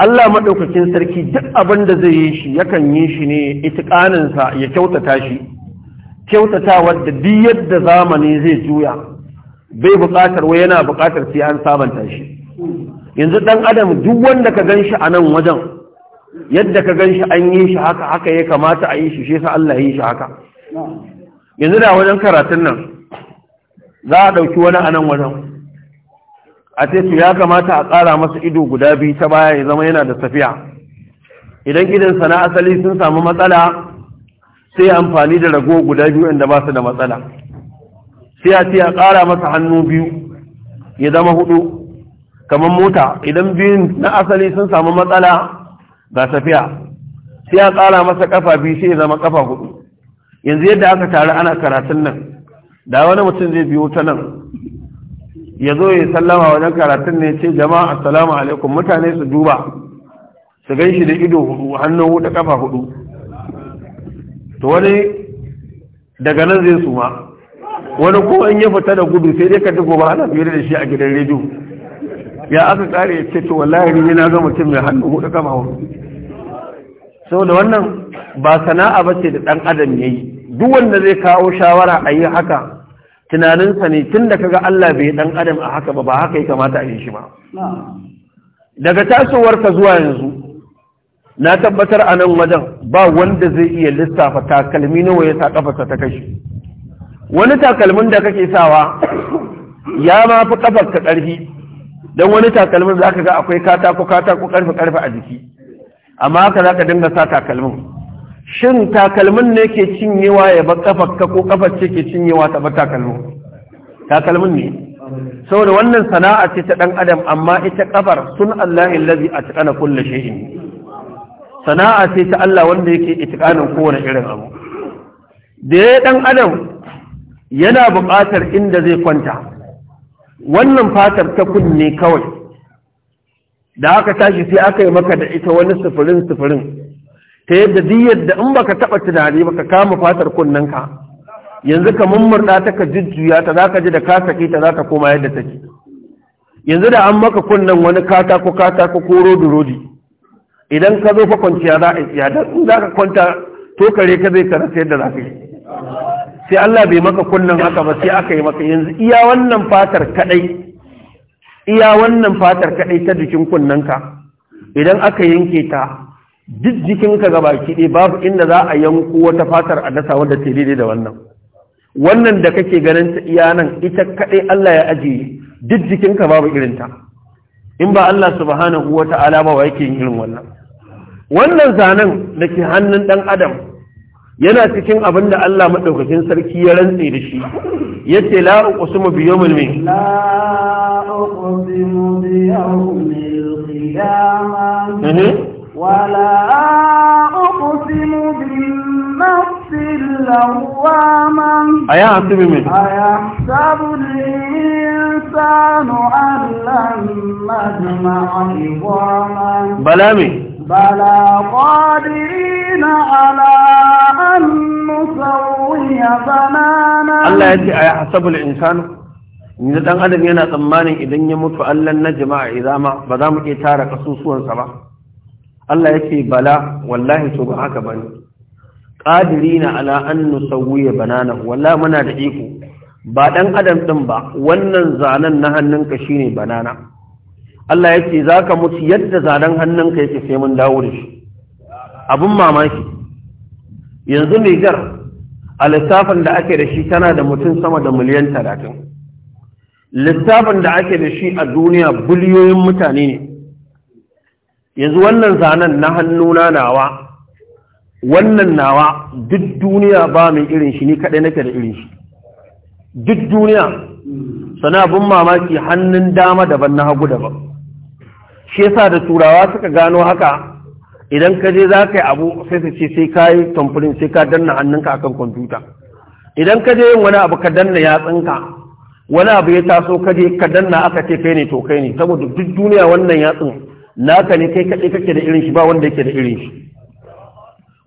Allah maɗaukakin sarki duk abin da zai yi shi yakan yi shi ne itikaninsa ya kyautata shi kyautata wadda duk yadda zamani zai juya bai buƙatar wai yana buƙatar sai an sabanta shi yanzu ɗan adam duk wanda ka gan shi a nan wajen yadda ka gan shi an yi shi haka haka ya kamata a yi shi shi sa Allah ya yi shi haka yanzu da wajen karatun nan za a ɗauki wani a nan wajen a ce ya kamata a ƙara masa ido guda biyu ta baya ya zama yana da safiya idan gidan na asali sun samu matsala sai amfani da rago guda biyu inda ba su da matsala sai a ce a ƙara masa hannu biyu ya zama hudu kamar mota idan biyun na asali sun samu matsala ga safiya sai a ƙara masa ƙafa biyu sai ya zama ƙafa hudu yanzu yadda aka tare ana karatun nan da wani mutum zai biyo ta nan ya zo ya sallama wajen karatun ne ce jama'a assalamu alaikum mutane su duba su gan shi da ido hudu hannu hudu ƙafa hudu to wani daga nan zai suma wani ko in ya fita da gudu sai dai ka ji gobe ana fiye da shi a gidan rediyo ya aka kare ya ce to wallahi ni na ga mutum mai hannu hudu kama hudu saboda wannan ba sana'a ba ce da ɗan adam ya yi duk wanda zai kawo shawara a yi haka tunaninsa ne tun da kaga Allah bai ɗan adam a haka ba ba haka ya kamata a yi shi ba daga ka zuwa yanzu na tabbatar a nan wajen ba wanda zai iya lissafa takalmi nawa ya sa kafarsa ta kashi wani takalmin da kake sawa ya ma fi ka ƙarfi don wani takalmin za ka ga akwai katako katako ƙarfe ƙarfe a jiki amma haka za ka dinga sa takalmin shin takalmin ne ke cinyewa ya ba ƙafarka, ka ko ƙafar ce ke cinyewa ta ba takalmin takalmin ne saboda wannan sana'a ce ta ɗan adam amma ita ƙafar sun Allah illazi a tiƙana kulle shehin sana'a ce ta Allah wanda yake itiƙanin kowane irin abu da ya ɗan adam yana buƙatar inda zai kwanta wannan fatar ta kunne kawai da aka tashi sai aka yi maka da ita wani sufurin sufurin ta yadda diyar da in baka taɓa tunani baka kama fatar ka. yanzu ka mummurɗa ta ka jujjuya ta za ka ji da ka saki ta za ka koma yadda take yanzu da an maka kunnen wani katako katako ko rodi rodi idan ka zo fa kwanciya za a yi tsiyada in za ka kwanta to kare ka zai karasa yadda za ka yi sai Allah bai maka kunnan haka ba sai aka yi maka yanzu iya wannan fatar kadai iya wannan fatar kadai ta jikin kunnanka idan aka yanke ta duk jikinka ga baki ɗaya babu inda za a yanku wata fatar a dasa wanda ta daidai da wannan wannan da kake ganin ta iya nan ita kadai Allah ya ajiye duk jikinka babu irin ta, in ba Allah subhanahu wata ta'ala ba wa yake yin irin wannan wannan zanen da ke hannun dan adam yana cikin abin da Allah maɗaukakin sarki ya rantse da shi ya ce la uqsimu bi yawmil min la uqsimu bi yawmil qiyamah wa la uqsimu bi nafsil lawwamah aya hasibi min aya sabu insanu an ala Allah ظماما الله يجي hasabul insanu yanzu dan adam yana tsammanin idan ya mutu Allah na jama'a izama ba za mu iya tara kasusuwansa ba Allah ya ce bala wallahi to ba haka bane qadirina ala an nusawwiya banana wallahi muna da iko ba dan adam din ba wannan zanen na hannunka shine banana Allah ya za zaka mutu yadda zanen hannunka yake sai mun dawo da shi abun mamaki yanzu mai gar a lissafin da ake da shi tana da mutum sama da miliyan talatin lissafin da ake da shi a duniya biliyoyin mutane ne yanzu wannan zanen na hannuna nawa wannan nawa duk duniya ba mai irin shi ni kaɗai nake da irin shi duk duniya sana bin mamaki hannun dama daban na hagu daban shi yasa da turawa suka gano haka idan ka je za ka yi abu sai su ce sai ka yi tamfurin sai ka danna hannunka akan kwamfuta idan ka je yin wani abu ka danna yatsunka wani abu ya taso ka je ka danna aka ce kai ne to kai ne saboda duk duniya wannan yatsun naka ne kai kaɗai kake da irin shi ba wanda yake da irin shi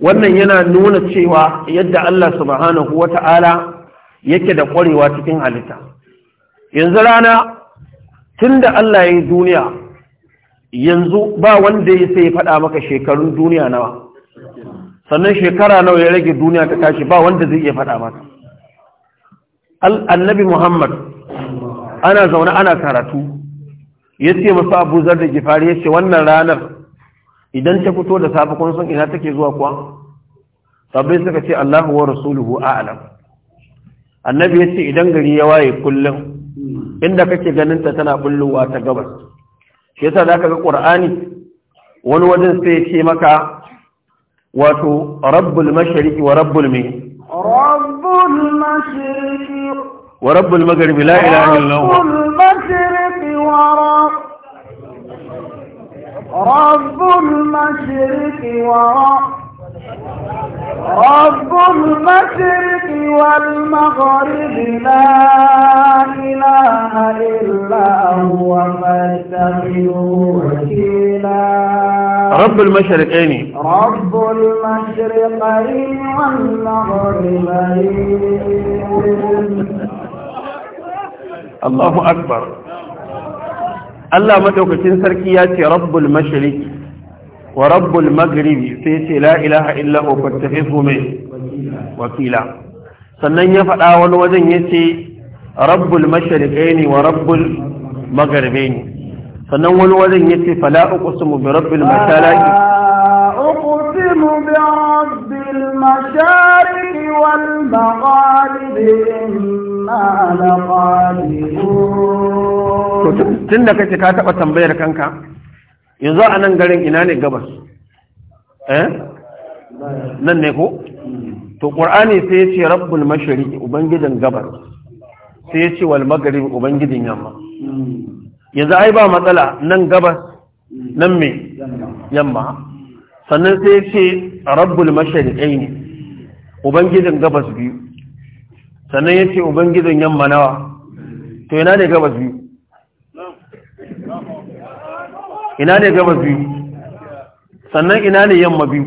wannan yana nuna cewa yadda Allah subhanahu Wata'ala, ta'ala yake da ƙwarewa cikin halitta yanzu rana tunda Allah ya yi duniya yanzu ba wanda ya sai faɗa maka shekarun duniya nawa sannan shekara nawa ya rage duniya ta tashi ba wanda zai iya faɗa maka annabi muhammad ana zaune ana karatu ya ce masu abu da gifari ya ce wannan ranar idan ta fito da safe kun san ina take zuwa kuwa sabbin suka ce allahu wa rasuluhu a'lam annabi ya ce idan gari ya waye kullum inda kake ganin ta tana bullowa ta gabas shi yasa zaka ga qur'ani wani wajen sai ce maka wato rabbul mashriqi wa rabbul min rabbul mashriqi wa rabbul maghribi la ilaha illallah rabbul mashriqi wa رب المشرق ورب رب المشرق والمغرب لا إله إلا هو فاتخذوه وكيلا رب المشرقين رب المشرقين والمغربين الله أكبر الله مدوكتين سركياتي رب المشرق wa rabbul maghribi sai ce la ilaha illa hu fattahihu mai wakila sannan ya faɗa wani wajen ya yace rabbul mashriqaini wa rabbul maghribaini sannan wani wajen ya yace fala uqsimu bi rabbil mashariki uqsimu bi rabbil mashariki wal maghribi tun da kace ka taɓa tambayar kanka yanzu a nan garin ina ne gabas eh nan ne ko to qur'ani sai ya ce rabbul mashari, ubangijin gabas sai ya ce wal maghrib ubangijin yamma yanzu ai ba matsala nan gabas nan me yamma sannan sai ya ce rabbul ne ubangijin gabas biyu sannan ya ce ubangijin yamma nawa to ina ne gabas biyu ina ne gabas biyu sannan ina ne yamma biyu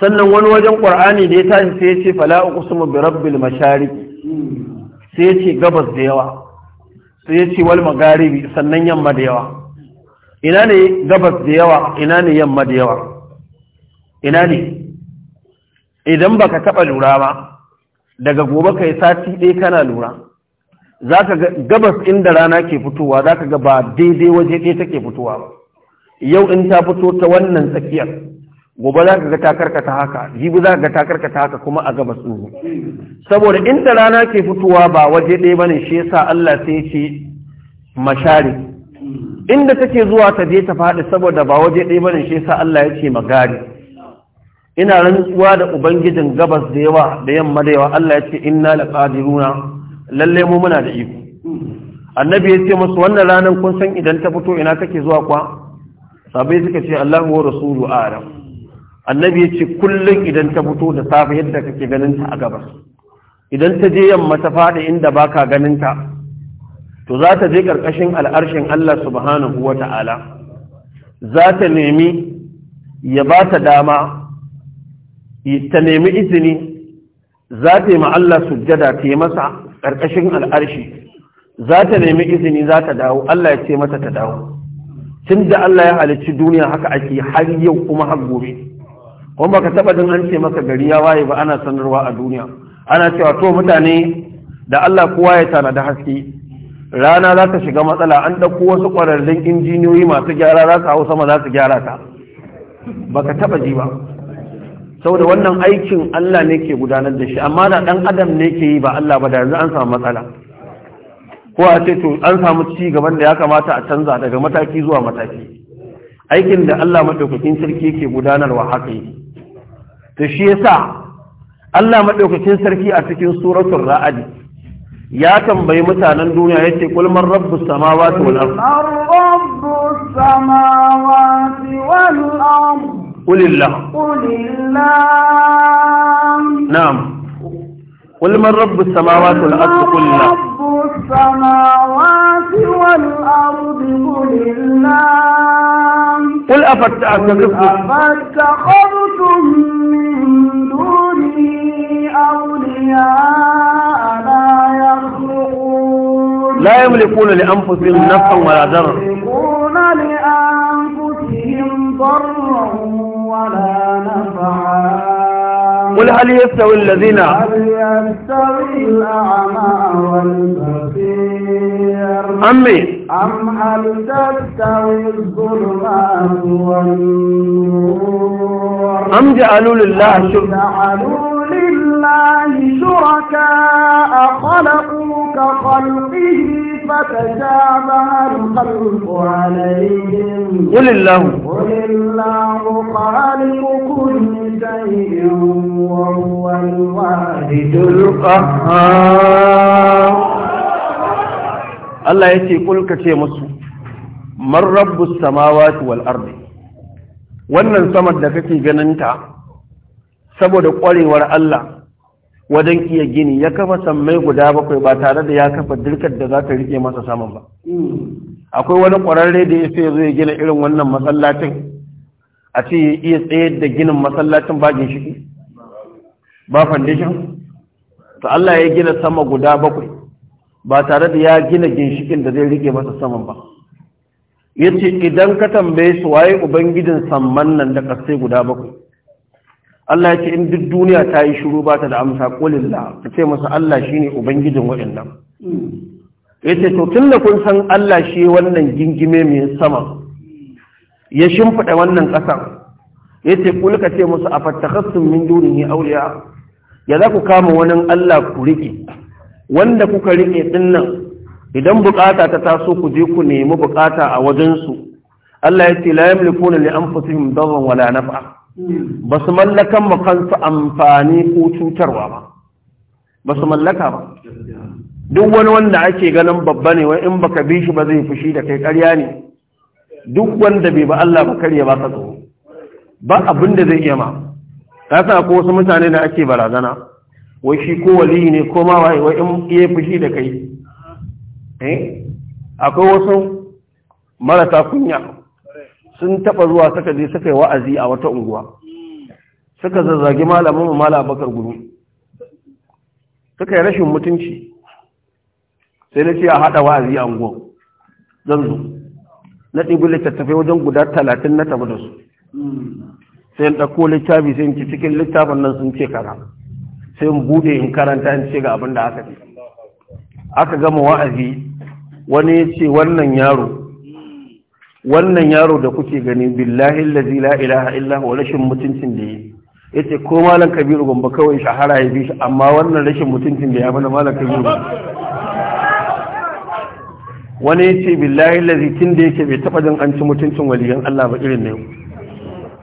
sannan wani wajen ƙwar'ani da ya tashi sai ya ce fala uqsimu bi rabbil mashariq sai ya ce gabas da yawa sai ya ce wal magharibi sannan yamma da yawa ina ne gabas da yawa ina ne yamma da yawa ina ne idan baka taba lura ba daga gobe kai sati ɗaya kana lura za ka ga gabas inda rana ke fitowa za ka ga ba daidai waje ɗaya take fitowa ba yau in ta fito ta wannan tsakiyar gobe za ka ga ta karkata haka jibi za ka ga ta karkata haka kuma a gabas ɗin saboda inda rana ke fitowa ba waje ɗaya ba ne, shi yasa Allah sai ce mashari inda take zuwa ta je ta faɗi saboda ba waje ɗaya ba ne, shi yasa Allah ya ce magari ina rantsuwa da ubangijin gabas da yawa da yamma da yawa Allah ya ce inna laqadiruna lalle mu muna da iko annabi ya ce musu wannan ranar kun san idan ta fito ina kake zuwa kwa sabai suka ce Allahu wa rasulu a'lam annabi ya ce kullum idan ta fito da safe yadda kake ganin ta a gabas idan ta je yamma ta fadi inda baka ganin ta to za ta je karkashin al'arshin Allah subhanahu wa ta'ala za ta nemi ya ba ta dama ta nemi izini za ta yi ma Allah sujjada ta yi masa ƙarƙashin al'arshi za ta nemi izini za ta dawo Allah ya ce mata ta dawo tun da Allah ya halicci duniya haka ake har yau kuma har gobe kuma baka taba jin an ce maka gari ya waye ba ana sanarwa a duniya ana cewa to mutane da Allah kowa ya tana da haske rana za ta shiga matsala an ɗauko wasu ƙwararrun injiniyoyi masu gyara za su hau sama za su gyara ta baka taba ji ba saboda wannan aikin Allah ne ke gudanar da shi amma da dan adam ne ke yi ba Allah ba da yanzu an samu matsala ko a ce to an samu ci gaban da ya kamata a canza daga mataki zuwa mataki aikin da Allah madaukakin sarki ke gudanarwa haka yi to shi yasa Allah madaukakin sarki a cikin suratul ra'd ya tambayi mutanen duniya yace kul man rabbus samawati wal ardh rabbus samawati wal ardh قل الله قل الله نعم قل من رب السماوات والأرض قل الله رب السماوات والأرض قل الله قل أفتخذتم من دوني أولياء لا يخلقون لا يملكون لأنفسهم نفعا ولا ضرا يملكون لأنفسهم ضرا قل هل يستوي الذين هل يستوي الأعمى والبصير أمي أم هل تستوي الظلمات والنور أم جعلوا لله شركاء جعلوا لله شركاء خلقوا كخلقه فتشابه الخلق عليهم قل الله قل الله خالق كل شيء وهو الواحد القهار Allah ya ce kulka ce musu man rabbus samawati wal ardi wannan samar da kake ganinta saboda ƙwarewar Allah wajen iya gini ya kafa sammai guda bakwai ba tare da ya kafa dirkar da za ta rike masa saman ba akwai wani ƙwararre da ya sai zo ya gina irin wannan masallacin a ce ya iya tsayar da ginin masallacin ba ginshiƙi, ba foundation to Allah ya gina sama guda bakwai ba tare da ya gina ginshiƙin da zai rike masa saman ba Ya ce idan ka tambaye su waye ubangijin samman nan da ƙasai guda bakwai Allah ya ce in duk duniya ta yi shiru ba ta da amsa kulillah ka ce masa Allah ne ubangijin waɗannan ya ce to tun da kun san Allah shi wannan gingime mai sama ya shimfiɗa wannan ƙasar ya ce ka ce musu a fattakassun min dunihi auliya ya za ku kama wani Allah ku riƙe wanda kuka riƙe dinnan idan bukata ta taso ku je ku nemi bukata a wajensu Allah ya ce la yamlikuna li anfusihim darran wala naf'a ba su mallakan ma kansu amfani ko cutarwa ba ba su mallaka ba duk wani wanda ake ganin babba ne wai in baka bi shi ba zai fushi da kai karya ne duk wanda bai ba Allah ba karya ba ka tsoro ba abin da zai iya ma ka sa ko wasu mutane da ake barazana wai shi ko wali ne ko ma wai wai in iya fushi da kai eh akwai wasu marasa kunya sun taɓa zuwa suka je suka yi wa'azi a wata unguwa suka zazzagi malamin mu mala bakar guru suka yi rashin mutunci sai na ce a haɗa wa'azi a unguwa zan zo na ɗibi littattafai wajen guda talatin na tafi da su sai in ɗauko littafi sai in ci cikin littafin nan sun ce kara sai in buɗe in karanta in ce ga abin da aka ce aka gama wa'azi wani ya ce wannan yaro wannan yaro da kuke gani billahi allazi la ilaha illa huwa rashin mutuncin da yi yace ko malam kabiru gombe kawai shahara ya bi shi amma wannan rashin mutuncin da ya bana malam kabiru wani yace billahi allazi tun da yake bai taba jin an ci mutuncin waliyan Allah ba irin ne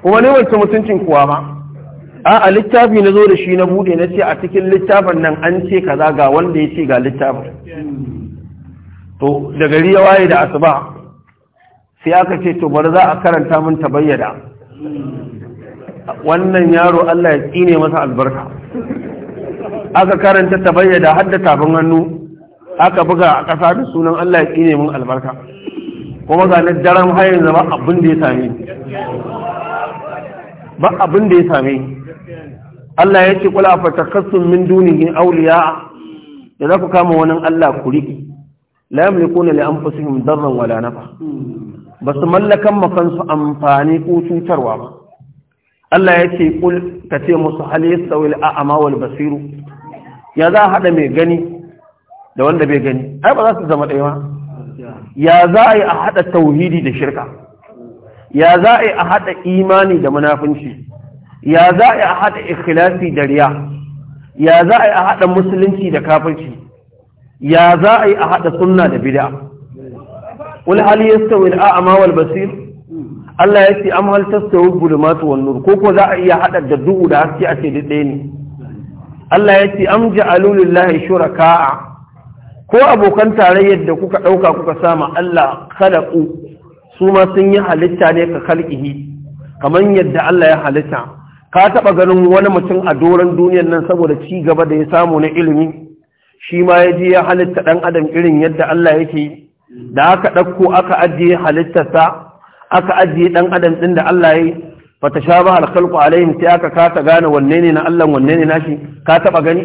kuma ne wancan mutuncin kuwa ma a a littafi na zo da shi na bude na ce a cikin littafin nan an ce kaza ga wanda ya ce ga littafin to da gari ya waye da asuba sai aka ce to bari za a karanta min tabayyada wannan yaro Allah ya tsine masa albarka aka karanta tabayyada hadda tafin hannu aka buga a ƙasa da sunan Allah ya tsine min albarka kuma ga na daren hayan zama abin da ya same ba abin da ya same Allah ya ce kula takassum min dunihi awliya da za ku kama wani Allah ku riki la yamlikuna li anfusihim darran wala nafa ba su mallakan makansu amfani ko cutarwa ba Allah ya ce kul ka ce musu hali sawil a Amawal basiru ya za a haɗa mai gani da wanda bai gani ai ba za su zama ɗaya ba ya za a yi a haɗa tauhidi da shirka ya za a yi a haɗa imani da munafunci ya za a yi a haɗa ikhlasi da riya ya za a yi a haɗa musulunci da kafirci ya za a yi a haɗa sunna da bid'a qul hal yastawi al-a'ma wal basir Allah ya ce am hal tastawi zulumatu wan nur ko ko za a iya hada da duhu da haske a ce ɗaya ne Allah ya ce am ja'alu lillahi shuraka'a ko abokan tarayyar da kuka dauka kuka sama Allah khalaqu su ma sun yi halitta ne ka khalqihi kamar yadda Allah ya halitta ka taba ganin wani mutum a doran duniyar nan saboda ci gaba da ya samu na ilimi shi ma ya je ya halitta dan adam irin yadda Allah yake da aka ɗauko aka ajiye halittarsa aka ajiye ɗan adam ɗin da Allah ya yi fata sha ba halkalku alaihim sai aka kasa gane wanne ne na Allah wanne ne nashi ka taɓa gani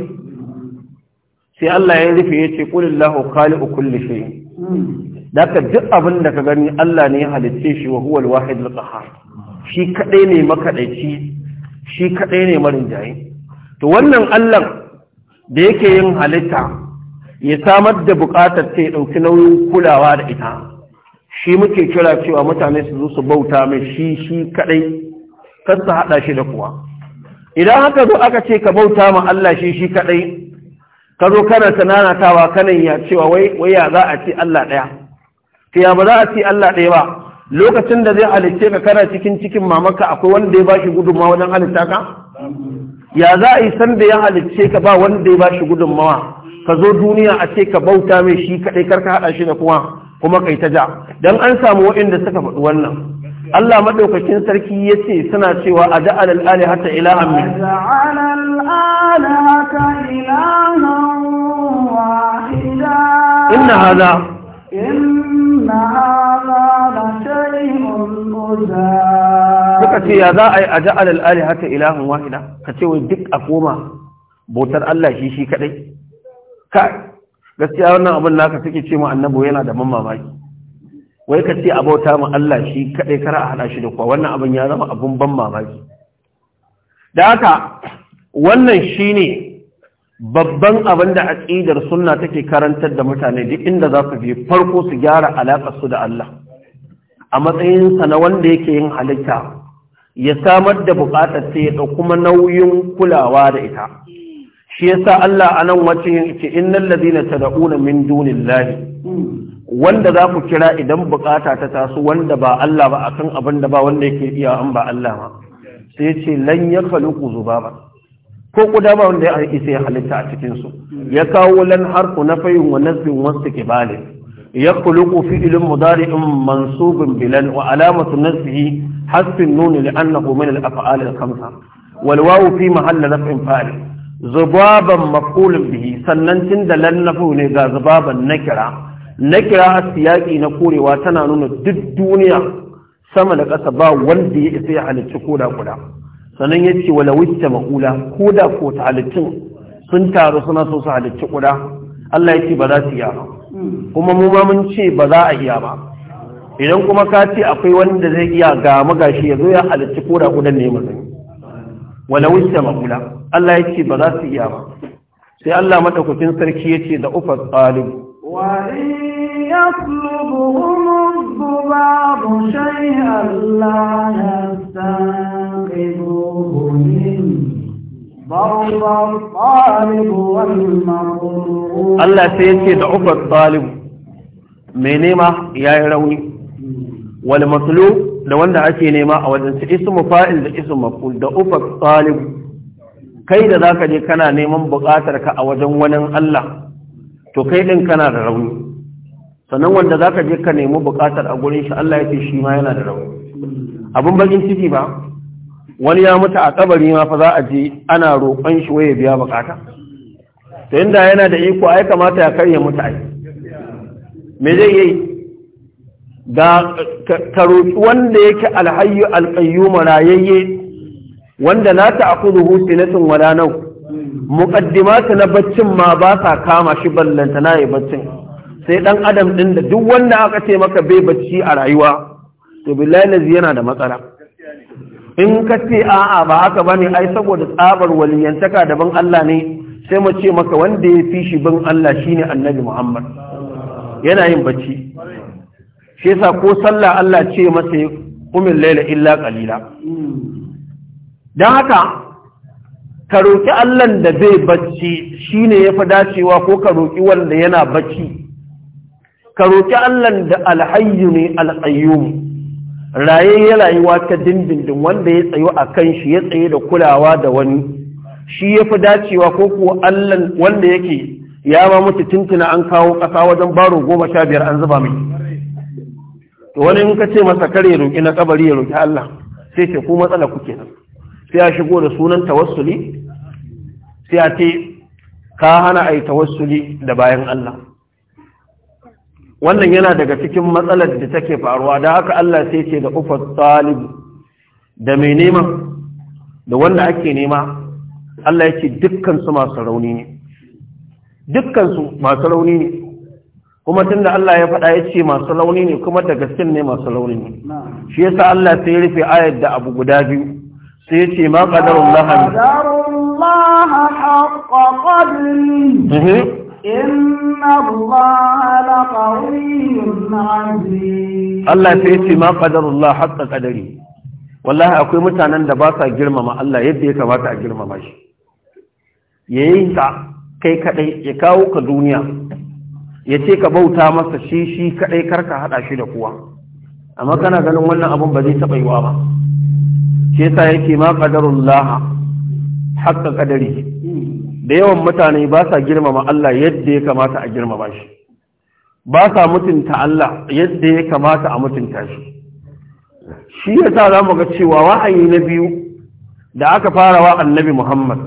sai Allah ya rufe ya ce kulillahu khaliqu kulli shay ka duk abin da ka gani Allah ne ya halicce shi wa huwa al-wahid al-qahhar shi kadai ne makadaici shi kadai ne marinjayi to wannan Allah da yake yin halitta ya samar da buƙatar ta ya ɗauki nauyin kulawa da ita shi muke kira cewa mutane su zo su bauta mai shi shi kaɗai kan su haɗa shi da kuwa idan haka zo aka ce ka bauta ma Allah shi shi kaɗai ka zo kana sananatawa kanan ya cewa wai ya za a ce Allah ɗaya ta ya ba za a ce Allah ɗaya ba lokacin da zai halicce ka kana cikin cikin mamaka akwai wanda ya bashi gudunmawa wajen halitta ka ya za a yi sanda ya halicce ka ba wanda ya bashi gudunmawa ka zo duniya a ce ka bauta mai shi kaɗai karka haɗa shi da kuma kuma kai ta ja don an samu waɗanda suka faɗi wannan Allah maɗaukakin sarki ya ce suna cewa a ja'al al'ali hata ilahan min inna hada inna hada suka ce ya za a yi a ja'al al'ali hata ilahan wahida ka ce wai duk a koma bautar Allah shi shi kaɗai kai gaskiya wannan abin naka suke ce mu annabi yana da mamaki wai ka ce abauta mu Allah shi kaɗai kar a hada shi da kuwa wannan abin ya zama abin ban mamaki da haka wannan ne babban abin da aƙidar sunna take karantar da mutane duk inda za su je farko su gyara alaƙar su da Allah a matsayinsa na wanda yake yin halitta ya samar da buƙatar ta ya kuma nauyin kulawa da ita shi yasa Allah a nan wace yake innal ladina tad'una min dunillahi wanda za ku kira idan bukata ta taso wanda ba Allah ba akan abin da ba wanda yake iya an ba Allah ma sai ce lan yakhluqu zubaba ko kuda ba wanda ya isa ya halitta a cikin su ya kawo lan harfu nafayin wa nasbin wasu kibalin يخلق فعل مضارع منصوب بلن وعلامة نصبه حذف النون لأنه من الأفعال الخمسة والواو في محل رفع فاعل zubaban maf'ulun bihi sannan tun da lallafu ne ga zubaban nakira nakira siyaki na korewa tana nuna duk duniya sama da ƙasa ba wanda ya isa ya halicci koda kuda sannan ya ce wala wuce maƙula. koda ko ta halittun sun taru suna so su halicci kuda Allah ya ce ba za su iya ba kuma mu ma mun ce ba za a iya ba idan kuma ka ce akwai wanda zai iya ga magashi ya zo ya halicci koda kudan ne mazani wala wuce maƙula. Allah ya ce ba za su iya ba sai Allah madaukakin sarki ya ce da ufa tsalib wa yaslubuhum Babu شيئا لا Allah sai yake da ufar talibu mai nema ya yi rauni Wani matulu da wanda ake nema a wajen su isu mafa'il da isu maful da ufar talibu kai da zaka je kana neman buƙatar ka a wajen wani Allah to kai din kana da rauni sannan wanda zaka je ka nemi buƙatar a gurin shi Allah ya ce shi ma yana da rauni abun bakin ciki ba wani ya mutu a kabari ma fa za a je ana roƙon shi waye biya buƙata to inda yana da iko ai kamata ya karya mutu ai me zai yi da ka wanda yake alhayu alqayyum rayayye wanda na ta'khudhu sinatun wala naw muqaddimatu na baccin ma ba sa kama shi ballanta na yi baccin sai dan adam din da duk wanda aka ce maka bai bacci a rayuwa to billahi lazi yana da matsala in ka ce a'a ba haka bane ai saboda tsabar waliyantaka daban Allah ne sai mu ce maka wanda ya fi shi bin Allah shine annabi Muhammad yana yin bacci shi yasa ko sallah Allah ce masa kumil laila illa qalila don haka ka roƙi Allahn da zai bacci shi ne ya fi dacewa ko ka roƙi wanda yana bacci ka roƙi Allahn da alhayyu ne alƙayyumu raye ya rayuwa ta dindindin wanda ya tsayo a kan shi ya tsaye da kulawa da wani shi ya fi dacewa ko kuwa Allahn wanda yake ya ma mutu tuntuna an kawo ƙasa wajen baro goma sha biyar an zuba mai wani in ka ce masa kare roƙi na kabari ya roƙi Allah sai ce ku matsala kuke nan sai ya shigo da sunan tawassuli sai ya ce ka hana a yi tawassuli da bayan Allah wannan yana daga cikin matsalar da take faruwa da haka Allah sai ce da ufa talib da mai nema da wanda ake nema Allah ya ce dukkansu masu rauni ne dukkansu masu rauni ne kuma tunda Allah ya faɗa ya ce masu rauni ne kuma da gaskin ne masu rauni ne shi yasa Allah sai ya rufe ayar da abu guda biyu sai ya ce ma qadarullah mhm. Allah sai ce ma qadarullah haqqa qadari wallahi akwai mutanen da ba sa girmama Allah yadda ya kamata a girmama shi yi ka kai kaɗai, ya kawo ka duniya ya ce ka bauta masa shi shi kar karka haɗa shi da kowa amma kana ganin wannan abun ba zai taba yiwa ba shi yasa yake ma laha, haƙƙa kadari da yawan mutane ba sa girmama Allah yadda ya kamata a girmama shi ba sa mutunta Allah yadda ya kamata a mutunta shi shi yasa zamu ga cewa wa'ayi na biyu da aka fara wa annabi Muhammad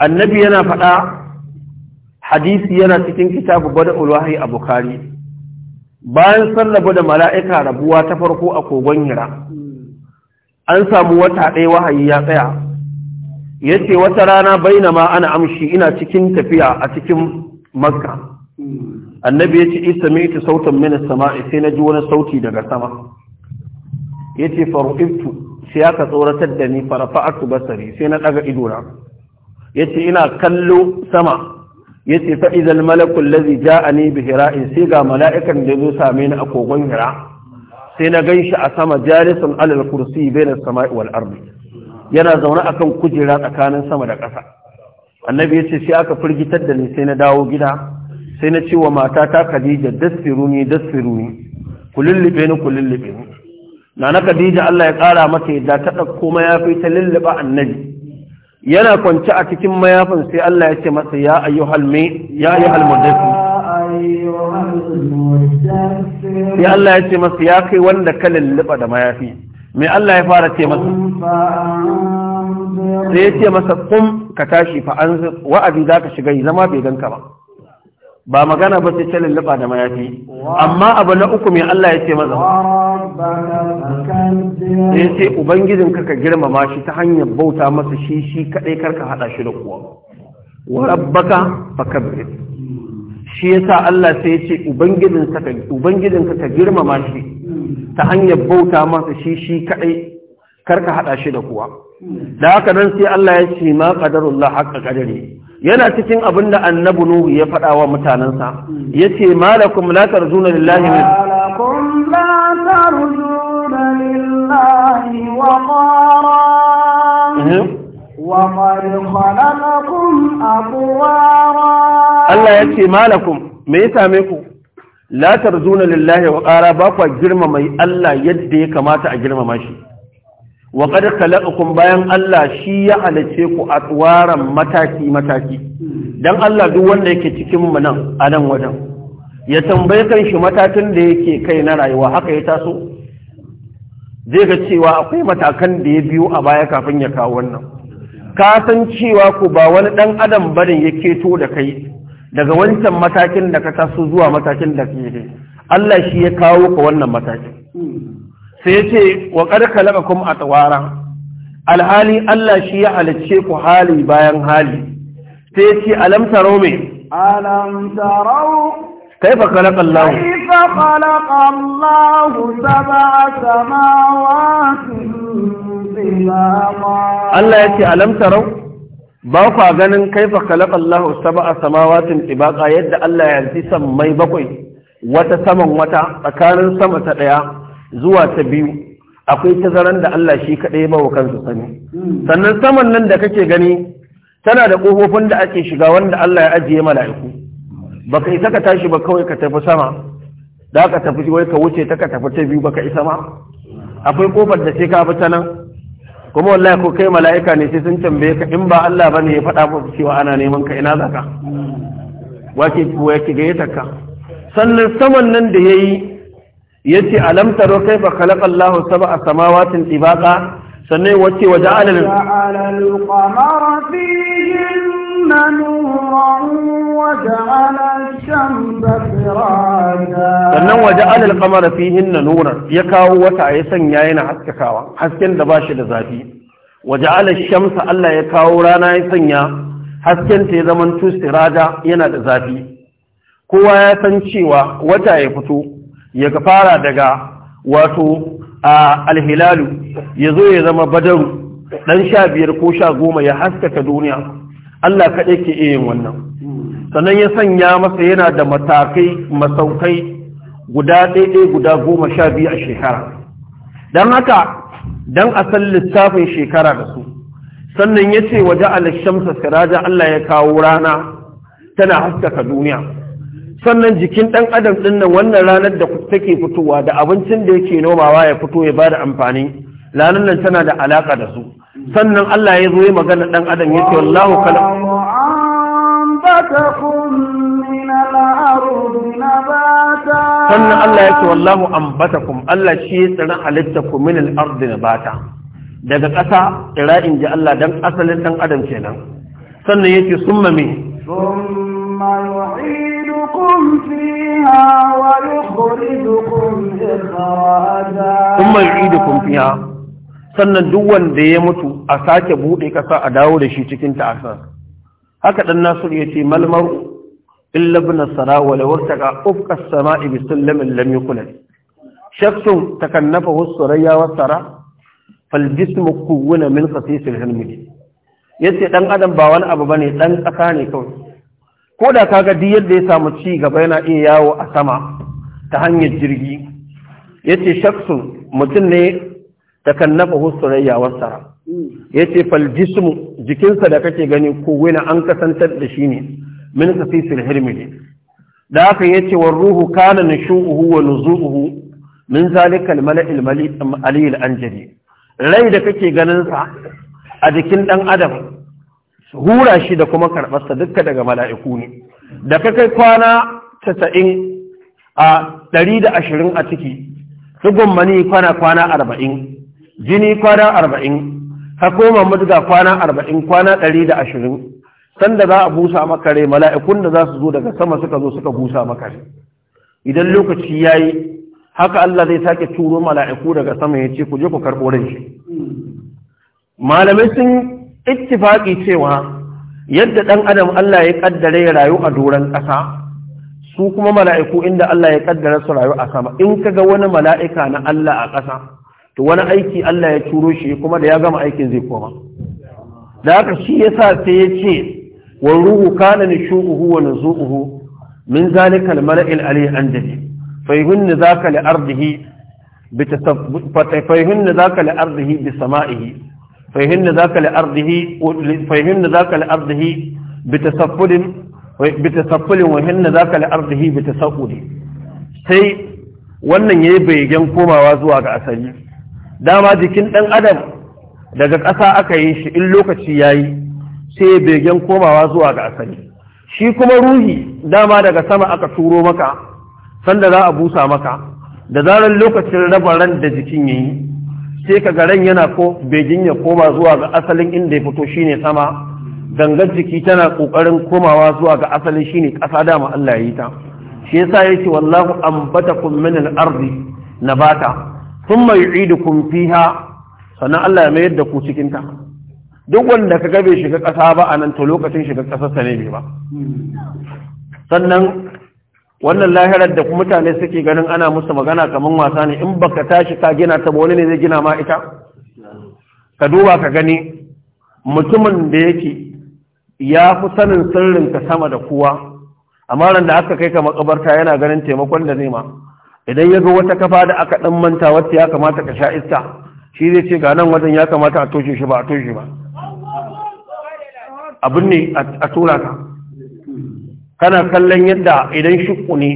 annabi yana faɗa hadisi yana cikin kitabu bada wahyi a bayan sallaba da mala'ika rabuwa ta farko a kogon Hira an samu wata ɗaya wahayi ya tsaya ya ce wata rana baina ma ana amshi ina cikin tafiya a cikin makka annabi ya ce isa mai ta sautan mini sama sai na ji wani sauti daga sama ya ce faru'iftu sai aka tsoratar da ni farafa'atu basari sai na ɗaga idona ya ce ina kallo sama ya ce fa'izal malakul lazi ja'ani bihira in sai ga mala'ikan da zo same ni a kogon hira' sai na gan shi a sama jalisun alal kursi baina sama'i wal ardi yana zaune akan kujera tsakanin sama da ƙasa annabi yace sai aka firgitar da ni sai na dawo gida sai na ce wa matata Khadija dasfiruni dasfiruni ku lullube ni ku lullube ni na Khadija Allah ya ƙara mata yadda ta ɗauko mayafi ta lullube annabi yana kwance a cikin mayafin sai Allah ya ce masa ya ayyuhal me ya ayyuhal mudaffir sai Allah ya ce masa ya kai wanda ka lulluɓa da mayafi mai Allah ya fara ce masa sai ya ce masa kum ka tashi fa an wa'azi za ka shiga yi zama bai ganka ba ba magana ba sai ta lulluɓa da mayafi amma abu na uku mai Allah ya ce sai ya ce ubangijin ka girmama shi ta hanyar bauta masa shi shi kaɗai karka haɗa shi da kuwa wa rabbaka fakabbir shi yasa Allah sai ya ce ubangijinka ka ka girmama shi ta hanyar bauta masa shi shi kaɗai karka haɗa shi da kuwa da haka nan sai Allah ya ce ma qadarullah haqqa ƙadari. yana cikin abin da annabi nuhu ya faɗa wa mutanansa yace malakum la kum la lillahi wa qara eh? allah ya ce malakum me ya same ku la tarzuna lillahi wa qara ba ku girmama Allah yadda ya kamata a girmama shi wa qad khalaqakum bayan Allah shi ya halice ku a tsawaran mataki mataki dan Allah duk wanda yake cikin mu nan a nan wajen ya tambaye kan shi matakin da yake kai na rayuwa haka ya taso zai ga cewa akwai matakan da ya biyo a baya kafin ya kawo wannan ka san cewa ku ba wani ɗan adam barin ya keto da kai daga wancan matakin da ka taso zuwa matakin da ke Allah shi ya kawo ka wannan matakin sai ce wa ƙarƙa laƙakum a tsawara alhali Allah shi ya halicce ku hali bayan hali sai ya ce alam taro me alam taro كيف خلق الله كيف خلق الله سبع سماوات Allah ya ce alam tarau ba kwa ganin kaifa khalaqa Allahu sab'a samawatin ibaka yadda Allah ya yi mai bakwai wata saman wata tsakanin sama ta ɗaya, zuwa ta biyu akwai tazaran da Allah shi kaɗai ya bawa kansa sani sannan saman nan da kake gani tana da ƙofofin da ake shiga wanda Allah ya ajiye mala'iku baka isa ka tashi ba kawai ka tafi sama da ka tafi wai ka wuce ta ka tafi ta biyu ba ka isa ma akwai ƙofar da sai ka fita ta nan kuma wallahi ko kai mala'ika ne sai sun tambaye ka in ba Allah bane ya faɗa muku cewa ana neman ka ina zaka wake ko yake gayyata ka sannan saman nan da yayi yace alam taro kaifa khalaqa a sab'a samawatin tibaqa sannan wace waje alalin sannan waje alal kamara fihin na ya kawo wata a ya sanya yana haskakawa hasken da ba shi da zafi waje alal shamsa Allah ya kawo rana ya sanya hasken ta ya zaman tusiraja yana da zafi kowa ya san cewa wata ya fito ya fara daga wato a alhilalu ya zo ya zama badaru ɗan sha biyar ko sha goma ya haskaka duniya Allah kaɗai ke iya yin wannan sannan ya sanya masa yana da matakai masaukai guda ɗaiɗai guda goma sha biyu a shekara don haka don a san littafin shekara da su sannan ya ce waje alishamsa siraja Allah ya kawo rana tana haskaka duniya sannan jikin ɗan adam ɗin wannan ranar da take fitowa da abincin da yake nomawa ya fito ya bada amfani ranar nan tana da alaƙa da su sannan Allah ya zo ya magana ɗan adam ya ce wallahu kalam Sannan تكن من الأرض نباتا سنة الله Allah shi ya الله شيء سنة min من na bata. daga ƙasa ira'in ji Allah don asalin ɗan adam kenan sannan yake summa me summa yu'idukum fiha wa yukhrijukum ikhraja summa yu'idukum fiha sannan duk wanda ya mutu a sake buɗe ƙasa a dawo da shi cikin ta'asar haka dan nasu yace ce malmar illa ibn sara wa law taqa ufka samai bi sallamin lam yukulal shakhsun takannafa husuraya wa sara fal jismu kuwuna min qasis al yace dan adam ba wani abu bane dan tsaka ne kawai ko da kaga duk yadda ya samu ci gaba yana iya yawo a sama ta hanyar jirgi yace shaksun mutum ne takallafahu surayya wasara hmm. yace fal jismu jikinsa da kake gani ko wani an kasantar da shi ne min kasisil hirmili da haka yace war ruhu kana nushuhu wa nuzuhu min zalika al mala'il malil anjali rai da kake ganin sa a jikin dan adam hura shi da kuma karbarsa dukka daga mala'iku ne da kai kwana 90 a 120 a ciki sugun mani kwana kwana arba'in jini kwana arba'in ka koma kwana arba'in kwana ɗari da ashirin sanda za a busa makare mala'ikun da za su zo daga sama suka zo suka busa makare. idan lokaci ya yi haka Allah zai sake turo mala'iku daga sama ya ce ku je ku karɓo rai shi malamai sun ittifaƙi cewa yadda ɗan adam Allah ya ƙaddare ya rayu a doron ƙasa su kuma mala'iku inda Allah ya ƙaddara su rayu a sama in ka ga wani mala'ika na Allah a ƙasa to wani aiki Allah ya turo shi kuma da ya gama aikin zai koma da haka shi yasa sai ya ce wa ruhu kana shu'uhu wa nuzuhu min zalika al-mala'il alayhi anjali fayhunna zaka li ardihi فيهن ذاك لأرضه sai wannan yayi begen komawa zuwa ga asali dama jikin ɗan adam daga ƙasa aka yi shi in lokaci ya yi sai begen komawa zuwa ga asali shi kuma ruhi dama daga sama aka turo maka sanda za a busa maka da zarar lokacin raba ran da jikin ya yi sai ka garan yana ko begen ya koma zuwa ga asalin inda ya fito shi ne sama gangar jiki tana ƙoƙarin komawa zuwa ga asalin ne ƙasa dama Allah ya yi ta shi yasa yace wallahu ambatakum min al-ardi nabata thumma yu'idukum fiha sannan Allah ya mayar da ku cikin ta duk wanda ka gabe shiga ƙasa ba a nan ta lokacin shiga ƙasarsa sa ne bai ba sannan wannan lahirar da mutane suke ganin ana musu magana kaman wasa ne in baka tashi ka gina ta ba wani ne zai gina ma ita ka duba ka gani mutumin da yake ya fi sanin sirrin ka sama da kowa amma ran da aka kai ka makabarta yana ganin taimakon da zai ma idan ya ga wata kafa da aka dan manta wacce ya kamata ka sha iska shi zai ce ga nan wajen ya kamata a toshe shi ba a toshe ba abin ne a tura ka kana kallon yadda idan shukku ne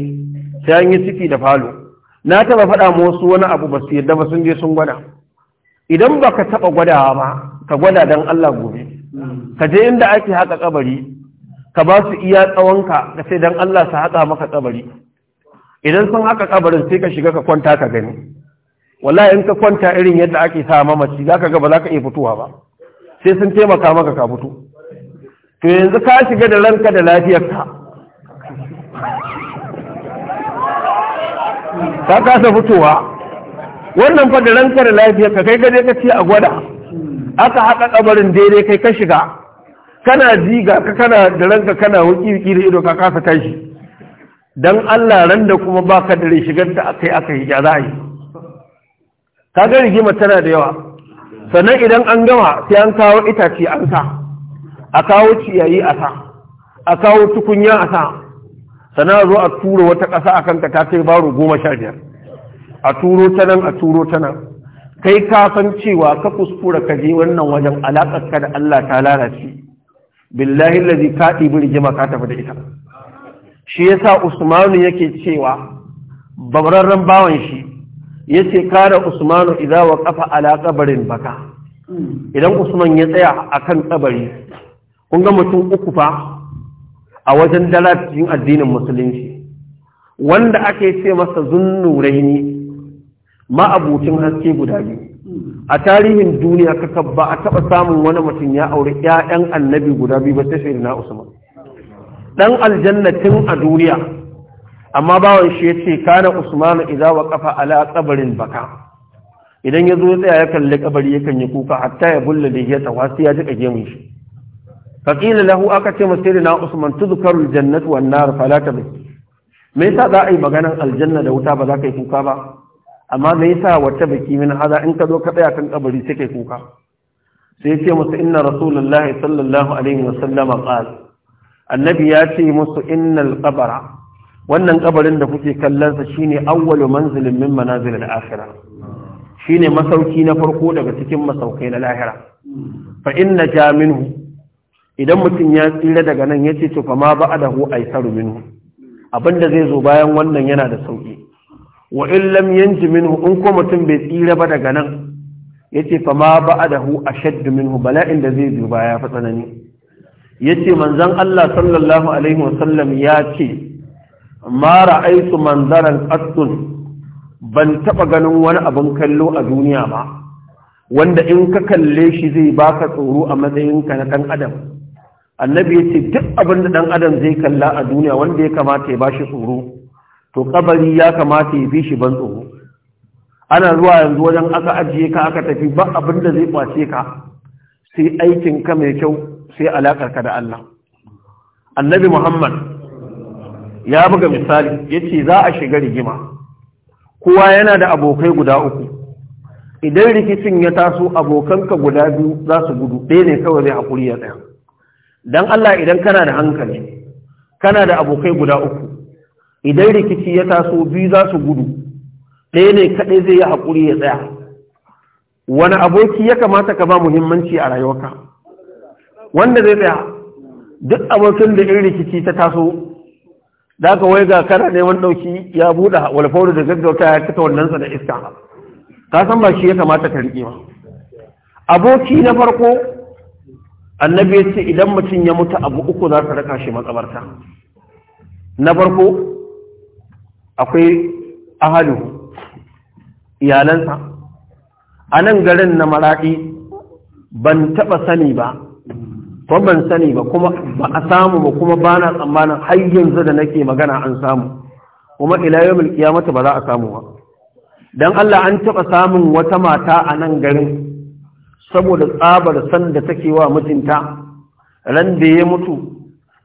sai an yi ciki da falo na taba faɗa ma wasu wani abu ba su yadda ba sun je sun gwada idan ba ka taɓa gwadawa ba ka gwada don Allah gobe ka je inda ake haka kabari ka ba su iya tsawonka ka sai don Allah su haka maka kabari idan sun haka kabarin sai ka shiga ka kwanta ka gani wallahi in ka kwanta irin yadda ake sa mamaci zaka ga ba za ka iya fitowa ba sai sun taimaka maka ka fito to yanzu ka shiga da ranka da lafiyarka ka kasa fitowa wannan fa da ranka da lafiyarka kai gaje ka ce a gwada aka haka kabarin daidai kai ka shiga kana ziga ka kana da ranka kana wuki da ido ka kasa tashi don Allah ran da kuma ba ka dare shigarta a kai aka yi za a yi ka ga rigima tana da yawa sannan idan an gama sai an kawo itace an sa a kawo ciyayi a sa a kawo tukunya a sa sannan zo a turo wata ƙasa a kanka ta kai baro goma sha biyar a turo ta nan a turo ta nan kai ka san cewa ka kuskura ka je wannan wajen alaƙar ka da Allah ta lalace billahi lazi ka ɗibi rigima ka tafi da ita shi ya sa usmanu yake cewa babararren bawan shi ya ce kare usmanu izawa kafa ala kabarin baka idan usman ya tsaya a kan kabari kun ga mutum uku fa a wajen dalatin addinin musulunci wanda ake ce masa zunnu zunnuraini ma'abucin haske guda biyu a tarihin duniya ka ba a taɓa samun wani mutum ya auri 'ya'yan annabi guda biyu ba sai na usman dan aljannatin a duniya amma bawan shi ya ce kana usmanu idza waqafa ala qabrin baka idan ya zo tsaya ya kalli kabari yakan yi kuka hatta ya bulla da ya tawa sai ya jika gemun shi faqila lahu aka ce da na usman tuzkarul jannatu wan nar fala tabki me yasa za a yi maganar aljanna da wuta ba za ka yi kuka ba amma me yasa wata biki min hada, in ka zo ka tsaya kan kabari sai kai kuka sai ya ce masa inna rasulullahi sallallahu alaihi wasallama qala annabi ya ce musu innal qabara wannan kabarin da kuke kallon sa shine awwalu manzilin min manazil al-akhirah shine masauki na farko daga cikin masaukai na lahira fa inna ja minhu idan mutum ya tsira daga nan yace to fa ma ba'dahu aysaru minhu abinda zai zo bayan wannan yana da sauki wa in lam yanji minhu in ko mutum bai tsira ba daga nan yace fa ma ba'dahu ashaddu minhu bala'in da zai zo baya fa tsanani yace manzon Allah sallallahu alaihi wasallam ya ce mara ra'aitu manzaran qattun ban taba ganin wani abin kallo a duniya ba wanda in ka kalle shi zai baka tsoro a matsayinka na dan adam annabi yace duk abin da dan adam zai kalla a duniya wanda ya kamata ya bashi tsoro to kabari ya kamata ya bi shi ban tsoro ana zuwa yanzu wajen aka ajiye ka aka tafi ba abin da zai kwace ka sai aikin ka mai kyau sai ka da Allah annabi Muhammad ya buga misali ya ce za a shiga rigima kowa yana da abokai guda uku idan rikicin ya taso abokanka guda biyu za su gudu ɗaya ne kawai zai haƙuri ya tsaya don Allah idan kana da hankali kana da abokai guda uku idan rikici ya taso biyu za su gudu ɗaya ne kaɗai zai yi haƙuri ya tsaya wani aboki ya kamata ka ba muhimmanci a rayuwarka wanda zai tsaya duk abokin da irin rikici ta taso da aka wai ga kana neman ɗauki ya buɗe walfauru da gaggauta ya fita wannan sa da iska ka san ba shi ya kamata ka riƙe ba aboki na farko annabi ya ce idan mutum ya mutu abu uku za ka raka shi matsabarta na farko akwai ahalu iyalansa a nan garin na maraɗi ban taɓa sani ba ba ban sani ba kuma ba a samu ba kuma ba na tsammanin har yanzu da nake magana an samu kuma ila yawmil qiyamata ba za a samu ba dan Allah an taba samun wata mata a nan garin saboda tsabar san da take wa mutunta ran da ya mutu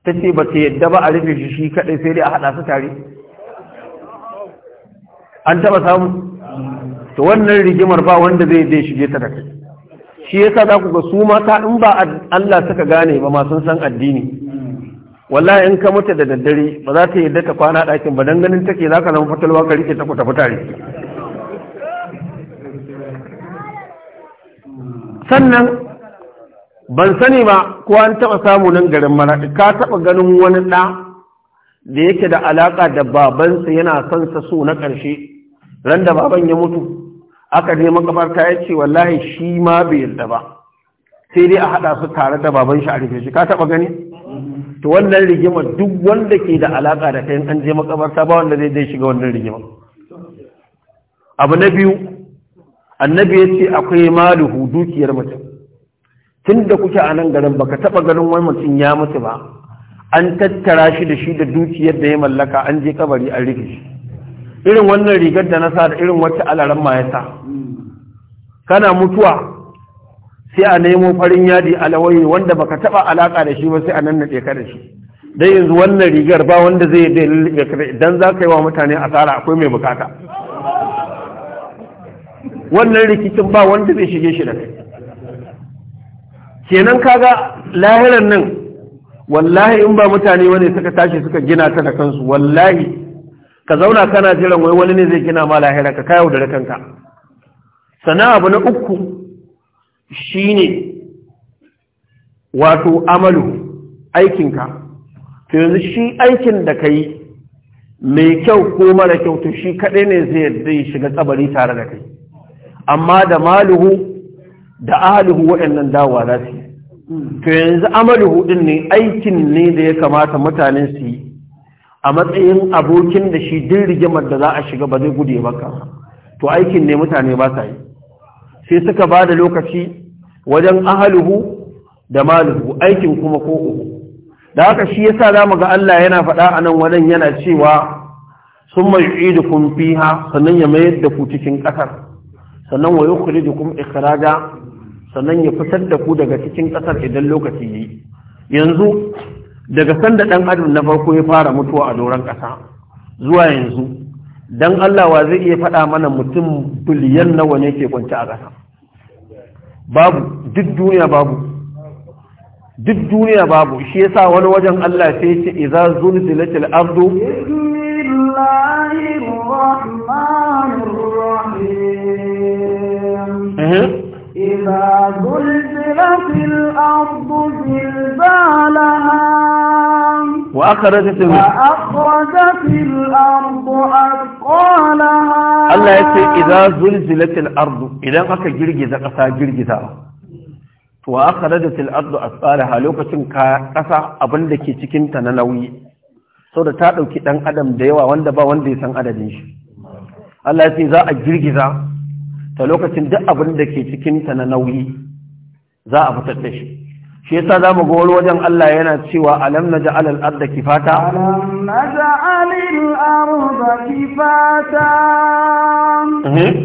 tace ba ta yadda ba a rufe shi shi kadai sai dai a hada su tare an taba samu to wannan rigimar ba wanda zai zai shige ta kai shi yasa za ku ga su mata in ba Allah suka gane ba masu san addini wallahi in ka mutu da daddare ba za ta yadda ta kwana ɗakin ba dan ganin take za ka zama fatalwa ka rike ta ku tafi tare sannan ban sani ba ko an taɓa samu nan garin maraɗi ka taɓa ganin wani ɗa da yake da alaƙa da babansa yana son sa so na ƙarshe Randa baban ya mutu aka je makabarta ya ce wallahi shi ma bai yarda ba sai dai a haɗa su tare da baban shi a rufe shi ka taɓa gani to wannan rigima duk wanda ke da alaƙa da kai an je makabarta ba wanda zai dai shiga wannan rigima abu na biyu annabi ya ce akwai maluhu dukiyar mutum tun da kuke a nan garin baka taɓa ganin wani mutum ya mutu ba an tattara shi da shi da dukiyar da ya mallaka an je kabari an rufe shi irin wannan rigar da na sa da irin wacce alaran ma ya sa kana mutuwa sai a nemo farin yadi alawai wanda baka taba alaka da shi ba sai a nan na ka da shi dai yanzu wannan rigar ba wanda zai da dan za ka yi wa mutane asara akwai mai bukata wannan rikicin ba wanda zai shige shi da kai kenan kaga lahiran nan wallahi in ba mutane wani suka tashi suka gina ta da kansu wallahi ka zauna kana jiran wai wani ne zai gina ma lahira ka kayo da kanka sannan abu na uku shine wato amalu aikinka to yanzu shi aikin da kai mai kyau ko mara kyau to shi kaɗai ne zai shiga tsabari tare da kai amma da maluhu da ahaluhu waɗannan dawa za su yi to yanzu amaluhu ɗin ne aikin ne da ya kamata mutane su yi a matsayin abokin da shi din rigimar da za a shiga ba zai gude baka to aikin ne mutane ba sa yi sai suka ba da lokaci wajen ahaluhu da maluhu aikin kuma ko uku da haka shi yasa za mu ga Allah yana faɗa a nan wannan yana cewa sun mai idukun fiha sannan ya mayar da ku cikin ƙasar sannan wa yukhrijukum ikhraja sannan ya fitar da ku daga cikin ƙasar idan lokaci yi yanzu daga sanda dan adam na farko ya fara mutuwa a doron kasa zuwa yanzu dan Allah wa zai iya faɗa mana mutum biliyan nawa ne ke kwanci a kasa. babu duk duniya babu duk duniya babu shi yasa wani wajen Allah sai ce idza zulzilatil ardu bismillahir rahmanir rahim إذا زلزلت الأرض زلزالها وأخرجت وأخرجت الأرض أثقالها الله يقول إذا زلزلت الأرض إذا أكا جرجزة قصا جرجزة وأخرجت الأرض أثقالها لو كتن قصا أبندك تكين تنلوي سورة تاتو كتن أدم ديوا وندبا وندي سن أددين الله يقول إذا أجرجزة ta lokacin duk abin da ke cikinta na nauyi za a fitar da shi shi yasa zamu ga wani wajen Allah yana cewa alam na ja'al ardha kifata alam naj'al al-ardha kifata mhm.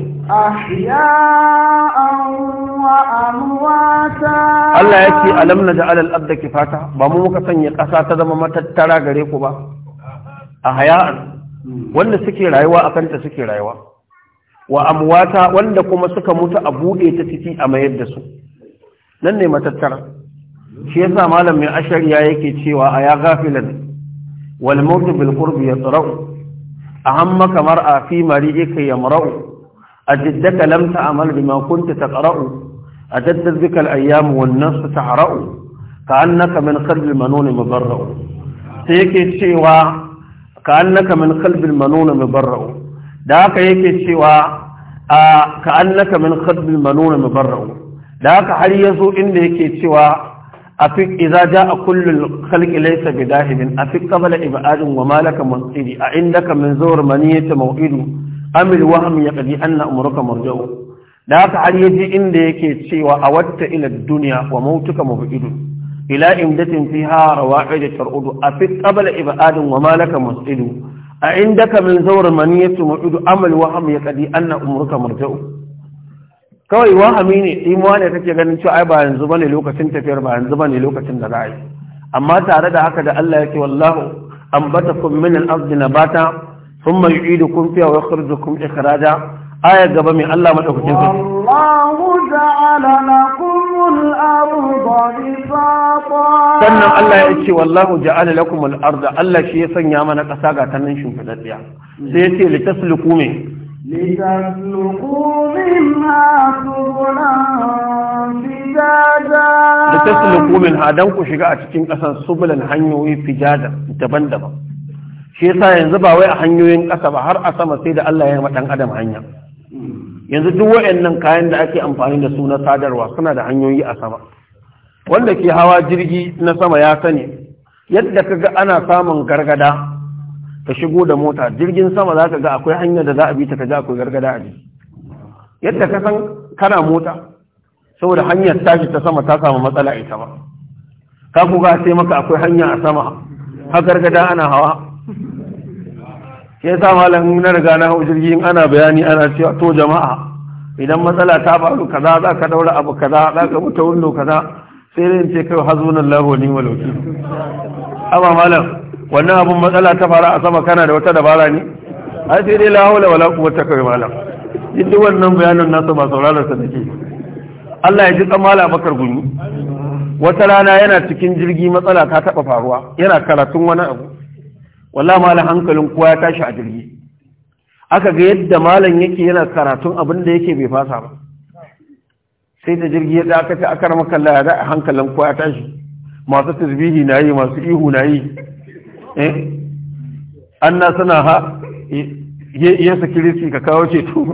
ahya'an wa amwata Allah yake alam naj'al al-ardha kifata ba mu muka sanya ƙasa ta zama matattara gare ku ba A haya, wanda suke rayuwa akan ta suke rayuwa wa amwata wanda kuma suka mutu a buɗe ta ciki a mayar da su nan ne matattara shi yasa malam mai ashariya yake cewa a ya gafilan wal mautu bil qurbi yatra'u ahamma kamar a fi mari'ika yamra'u أجدك لم تعمل بما كنت تقرأ أجدت بك الأيام والناس تعرأ كأنك من قلب المنون مبرأ سيكي تشيوا كأنك من قلب المنون مبرأ داك يكي cewa. a ka'annaka min khadbil manuna mubarra'u da haka har yazo inda yake cewa afiq idza jaa kullul khalqi laysa bidahibin afiq qabla ibadin wa malaka munsiri a indaka min zawr maniyati maw'idu amil wahm yaqdi anna umruka marja'u da haka har yaje inda yake cewa awatta ila dunya wa mautuka maw'idu ila imdatin fiha rawa'id tar'udu afiq qabla ibadin wa malaka munsidu a inda ka min zaura mani ya ce mu'udu amal waham ya kadi anna umurka murtau kawai wahami ne imuwa ne kake ganin cewa ai ba yanzu bane lokacin tafiyar ba yanzu bane lokacin da za yi amma tare da haka da Allah yake wallahu ambatakum min al-ardi nabata thumma yu'idukum fiha wa yakhrujukum ikhraja aya gaba mai Allah madaukakin sarki wallahu ja'ala lakum sannan Allah ya ce wallahu ja'ala lakum al-ardha Allah shi ya sanya mana ƙasa ga tannin shimfidaddiya sai ya ce tasluku min litasluku minha subulan fijaja litasluku minha dan ku shiga a cikin kasan subulan hanyoyi fijaja daban-daban shi yasa yanzu ba wai a hanyoyin ƙasa ba har a sama sai da Allah ya yi ma dan adam hanya hmm. yanzu duk wayannan kayan da ake amfani da su na sadarwa suna da hanyoyi a sama wanda ke hawa jirgi na sama ya sani yadda kaga ana samun gargada ta shigo da mota jirgin sama za ka ga akwai hanyar da za a bi ta kaji akwai gargada a ji yadda ka san kana mota saboda hanyar tashi ta sama ta samu matsala ita ba ka ga sai maka akwai hanya a sama ha gargada ana hawa shi yasa malam na riga na hau jirgin ana bayani ana cewa to jama'a idan matsala ta faru kaza za ka daura abu kaza za ka wuta wundo kaza sai dai ce kai hazunan lahu ni wa wakil amma malam wannan abun matsala ta faru a sama kana da wata dabara ne ai sai dai la haula wala wata kai malam inda wannan bayanin nasu ba sauraron sa nake Allah ya ji tsamala bakar gumi wata rana yana cikin jirgi matsala ta taba faruwa yana karatun wani abu wallah malam hankalin kowa ya tashi a jirgi aka ga yadda malam yake yana karatun abin da yake bai fasa ba sai da jirgi ya aka ta akar makalla ya da hankalin kowa ya tashi masu tasbihi na yi masu ihu na yi eh anna sana ha eh, ya saki ka kawo ce to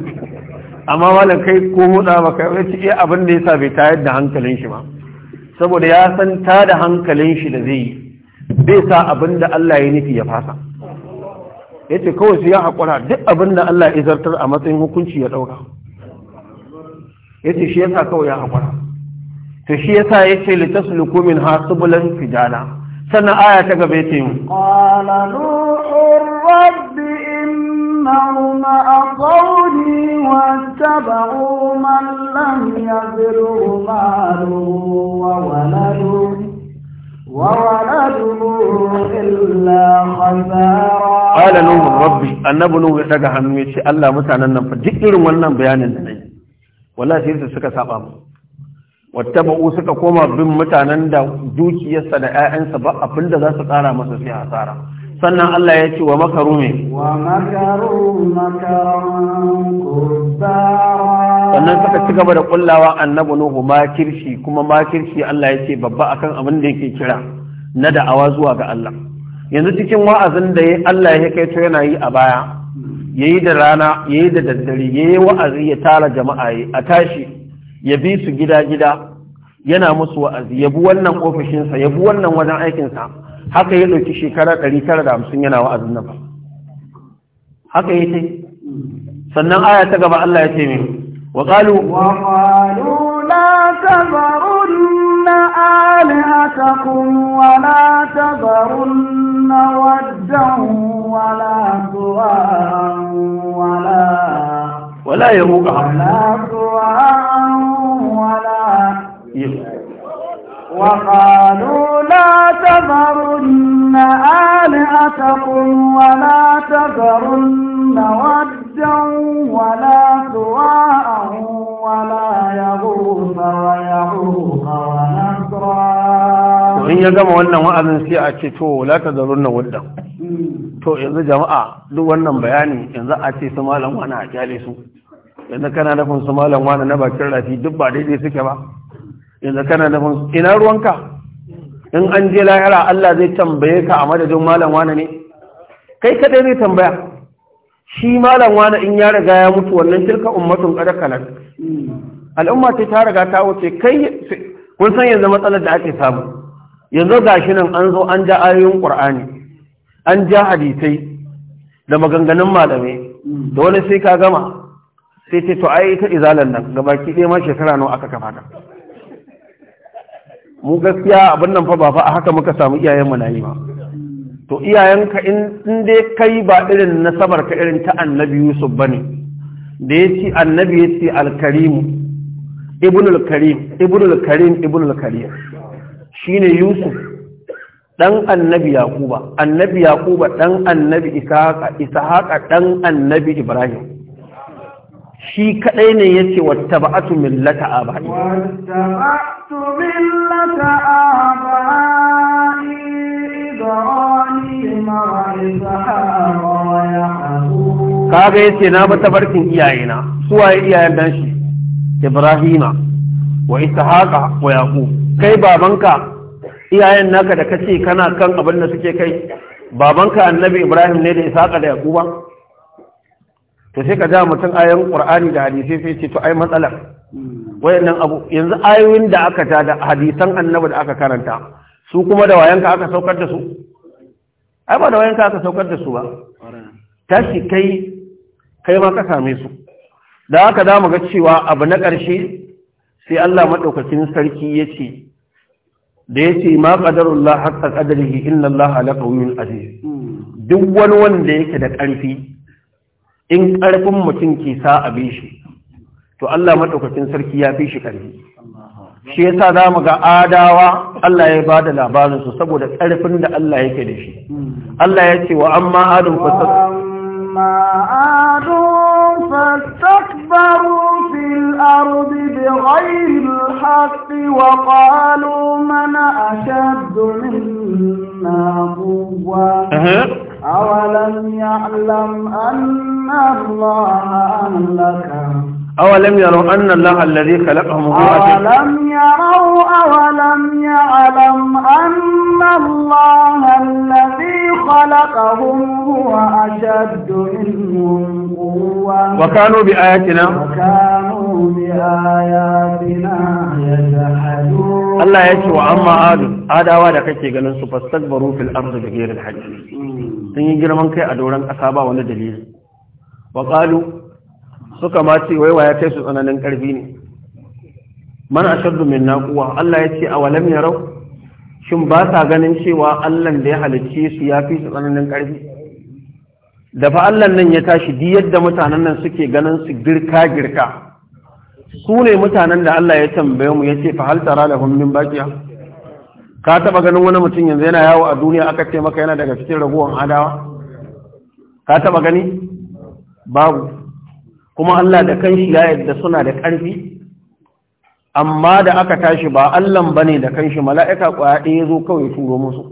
amma malam kai ko huda ba kai wace iya eh, abin da yasa bai tayar da hankalin shi ba saboda ya san ta da hankalin shi da zai yi zai sa abin da Allah ya nufi ya fasa ya ce kawai sai ya haƙura duk abin da Allah ya zartar a matsayin hukunci ya ɗauka ya ce shi ya sa kawai ya haƙura to shi ya sa ya ce litasluku min hasubulan fijana sannan aya ta gaba ya ce mu a nuhur rabbi innahum aqawni wattaba'u man lam yadhurru malu wa waladu وولده قال نوح ربي nuhu ya daga hannu ya ce Allah mutanen nan fa irin wannan bayanin da nayi wallahi sai su suka saba mu wattaba'u suka koma bin mutanen da dukiyarsa da 'ya'yansa ba abinda za su tsara masa sai hasara sannan Allah ya ce wa makaru ne sannan suka ci gaba da kullawa annabi nuhu makirci kuma makirci Allah ya ce babba akan abin da yake kira na da'awa zuwa ga Allah yanzu cikin wa'azin da Allah ya kai to yana yi a baya yayi da rana yayi da daddare yayi wa'azi ya tara jama'a a tashi ya bi su gida gida yana musu wa'azi ya bi wannan ofishinsa ya bi wannan wajen aikinsa haka ya ɗauki shekara ɗari tara da hamsin yana wa'azin nan haka ya ce sannan aya ta gaba Allah ya ce min wa qalu wa qalu la tabarunna alihatakum wa la tabarunna waddan wa la tuwan wa la ولا يروق ولا طوعا ولا وقال تذرن آلهتكم ولا تذرن ودا ولا سواء ولا يغوث ويعوق ونسرا in ya gama wannan wa'azin sai a ce to la ta zarun na wadda to yanzu jama'a duk wannan bayani yanzu a ce su malam wani a kyale su yanzu kana nufin su malam wani na bakin rafi duk ba daidai suke ba yanzu kana nufin ina ruwanka in an je lahira Allah zai tambaye ka a madadin malam wane ne kai kadai zai tambaya shi malam wane in ya riga ya mutu wannan tilka ummatun kada al'umma ce ta riga ta wuce kai kun san yanzu matsalar da ake samu yanzu gashi nan an zo an ja ayoyin qur'ani an ja hadisai da maganganun malamai da wani sai ka gama sai ce to ai ta izalan nan gabaki ɗaya ma shekara nawa aka kafa ta mu gaskiya abin nan fa ba fa a haka muka samu iyayen na yi ma to iyayenka in dai kai ba irin nasabar ka irin ta annabi yusuf ba ne da ya ce annabi ya ce alkarimu alkarim ibn alkarim ibn alkarim shine yusuf dan annabi Yakuba, annabi Yakuba, dan annabi isa haka dan annabi ibrahim shi kadai ne yace wattaba'tu millata abai wattaba'tu millata abai ibrahim wa ishaq kaga yace na ba tabarkin iyayena suwaye iyayen dan shi ibrahima wa ishaqa wa yaqub kai babanka iyayen naka da kace kana kan abin da suke kai babanka annabi ibrahim ne da ishaqa da yaquba to sai ka ja mutum ayoyin qur'ani da hadisi sai ce to ai matsalar wayannan abu yanzu ayoyin da aka ja da hadisan annabi da aka karanta su kuma da wayanka aka saukar da su ai ba da wayanka aka saukar da su ba tashi kai kai ma ka same su da aka za mu ga cewa abu na ƙarshe sai Allah madaukakin sarki ya ce da ya ce ma qadarullah haqqa qadarihi inna Allah ala qawmin aziz duk wani wanda yake da ƙarfi in ƙarfin mutum ke sa a bi shi to Allah maɗaukakin sarki ya fi shi ƙarfi shi yasa za mu ga adawa Allah ya ba da labarinsu saboda ƙarfin da Allah yake da shi Allah ya ce wa amma adun fasakbaru الأرض بغير الحق وقالوا من أشد منا قوة أولم يعلم أن الله أهلكه أولم يروا أن الله الذي خلقهم هو أولم يروا أولم يعلم أن الله الذي خلقهم هو أشد منهم قوة وكانوا بآياتنا وكانوا بآياتنا يجحدون الله يشوى أما آدم آدم وادا كيكي قالوا فاستكبروا في الأرض بغير الحج تنجي جرمان كي أدوران أصابا ولا دليل وقالوا suka ma ce waiwa ya kai su tsananin ƙarfi ne man ashaddu min naquwa Allah ya ce a walam rau? shin ba sa ganin cewa Allah da ya halicce su ya fi su tsananin ƙarfi da fa Allah nan ya tashi di yadda mutanen nan suke ganin su girka girka su ne mutanen da Allah ya tambaye mu ya ce fa hal tara lahum min baqiya ka taba ganin wani mutum yanzu yana yawo a duniya aka ce maka yana daga cikin raguwan adawa ka taba gani babu kuma Allah da kanshi ya yadda suna da ƙarfi amma da aka tashi ba Allahn bane da kanshi mala'ika ƙwaya ɗaya zo kawai turo musu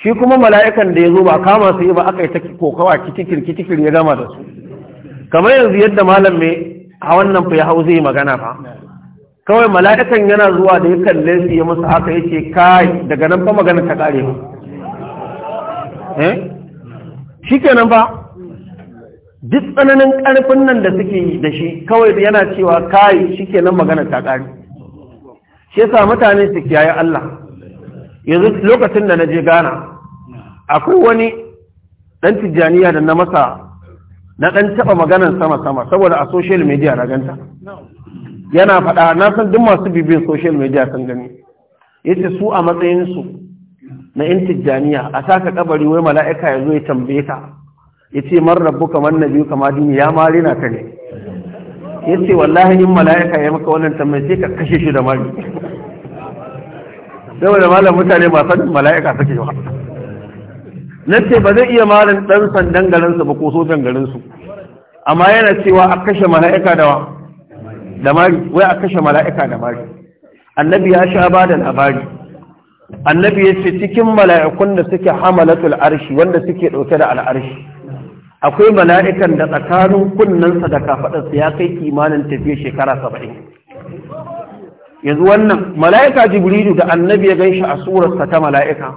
shi kuma mala'ikan da ya zo ba kama su yi ba aka yi ta kokawa kitikir kitikir ya gama da su kamar yanzu yadda malam mai a wannan fa ya hau zai magana fa kawai mala'ikan yana zuwa da ya kalle su ya musu haka yake kai daga nan fa magana ta kare eh kenan ba? duk tsananin ƙarfin nan da suke yi da shi kawai yana cewa kayi shi nan magana ta ƙari shi yasa mutane su kiyaye Allah yanzu lokacin da na je Ghana akwai wani ɗan tijjaniya da na masa na ɗan taɓa maganan sama-sama saboda a social media na ganta yana faɗa na san duk masu bibiyar social media sun gani yace su a matsayinsu na 'yan tijjaniya a saka kabari wai mala'ika ya zo ya tambaye ta ya ce man rabu kamar na biyu kama dini ya mari na ka ne ya ce wallahi yin mala'ika ya maka wannan tambayi sai ka kashe shi da mari saboda malam mutane ba san mala'ika suke ba na ce ba zai iya marin ɗan sandan garinsu ba ko sojan garinsu amma yana cewa a kashe mala'ika da da mari wai a kashe mala'ika da mari annabi ya sha ba da labari annabi ya ce cikin mala'ikun da suke hamalatul arshi wanda suke dauke da al'arshi akwai mala'ikan da tsakanin kunnensa da kafaɗarsa ya kai kimanin tafiye shekara saba'in yanzu wannan mala'ika jibrilu da annabi ya ganshi a surarsa ta mala'ika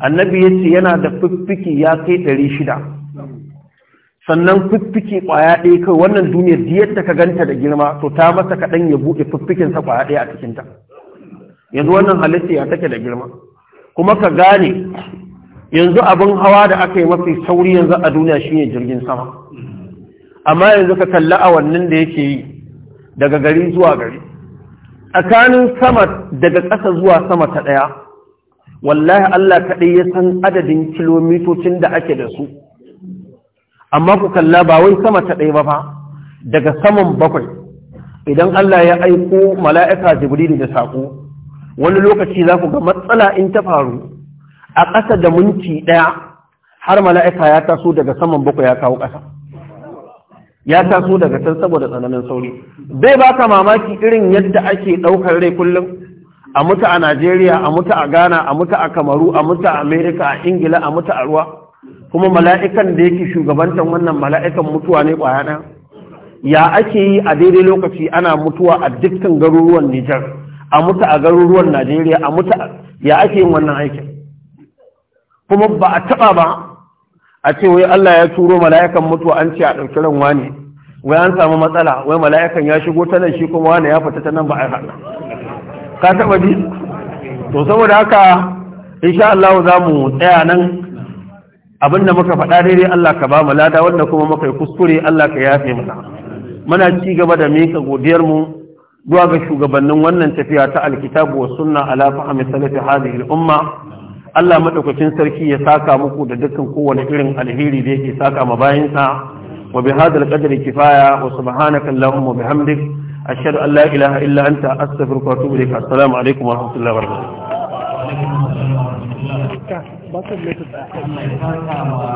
annabi ya ce yana da fiffiki ya kai ɗari shida sannan fiffiki ƙwaya ɗaya kai wannan duniyar diyar ka ganta da girma to ta masa kaɗan ya buɗe fiffikinsa ƙwaya ɗaya a cikinta yanzu wannan halitta ya take da girma kuma ka gane yanzu abin hawa da aka yi mafi sauri yanzu a duniya shine jirgin sama amma yanzu ka kalla awannin da yake yi daga gari zuwa gari tsakanin sama daga ƙasa zuwa sama ta ɗaya wallahi Allah kaɗai ya san adadin kilomitocin da ake da su amma ku kalla ba wai sama ta ɗaya ba fa daga saman bakwai idan Allah ya aiko mala'ika jibrilu da saƙo wani lokaci za ku ga matsala in ta faru a ƙasa da minti ɗaya har mala'ika ya taso daga saman bakwai ya kawo ƙasa ya taso daga can saboda tsananin sauri bai ba ka mamaki irin yadda ake ɗaukar rai kullum a mutu a najeriya a mutu a ghana a mutu a kamaru a mutu a amerika a ingila a mutu a ruwa kuma mala'ikan da yake shugabantar wannan mala'ikan mutuwa ne ƙwaya ya ake yi a daidai lokaci ana mutuwa a dukkan garuruwan nijar a mutu a garuruwan najeriya a mutu ya ake yin wannan aikin kuma ba a taɓa ba a ce wai Allah ya turo mala'ikan mutuwa an ce a ɗauki ran wani wai an samu matsala wai mala'ikan ya shigo ta nan shi kuma wani ya fita ta nan ba a haɗa ka taɓa ji to saboda haka insha Allah za mu tsaya nan abin da muka faɗa daidai Allah ka ba mu lada wanda kuma muka yi kuskure Allah ka yafe mana muna ci gaba da miƙa godiyar mu zuwa ga shugabannin wannan tafiya ta alkitabu wa sunna ala fahmi salafi hadhihi al-umma Allah madaukakin sarki ya saka muku da dukkan kowane irin alheri da yake saka ma bayansa wa bi hadal qadri kifaya wa subhanaka allahumma bihamdik ashhadu an la ilaha illa anta astaghfiruka wa atubu ilaik assalamu alaikum wa rahmatullahi wa barakatuh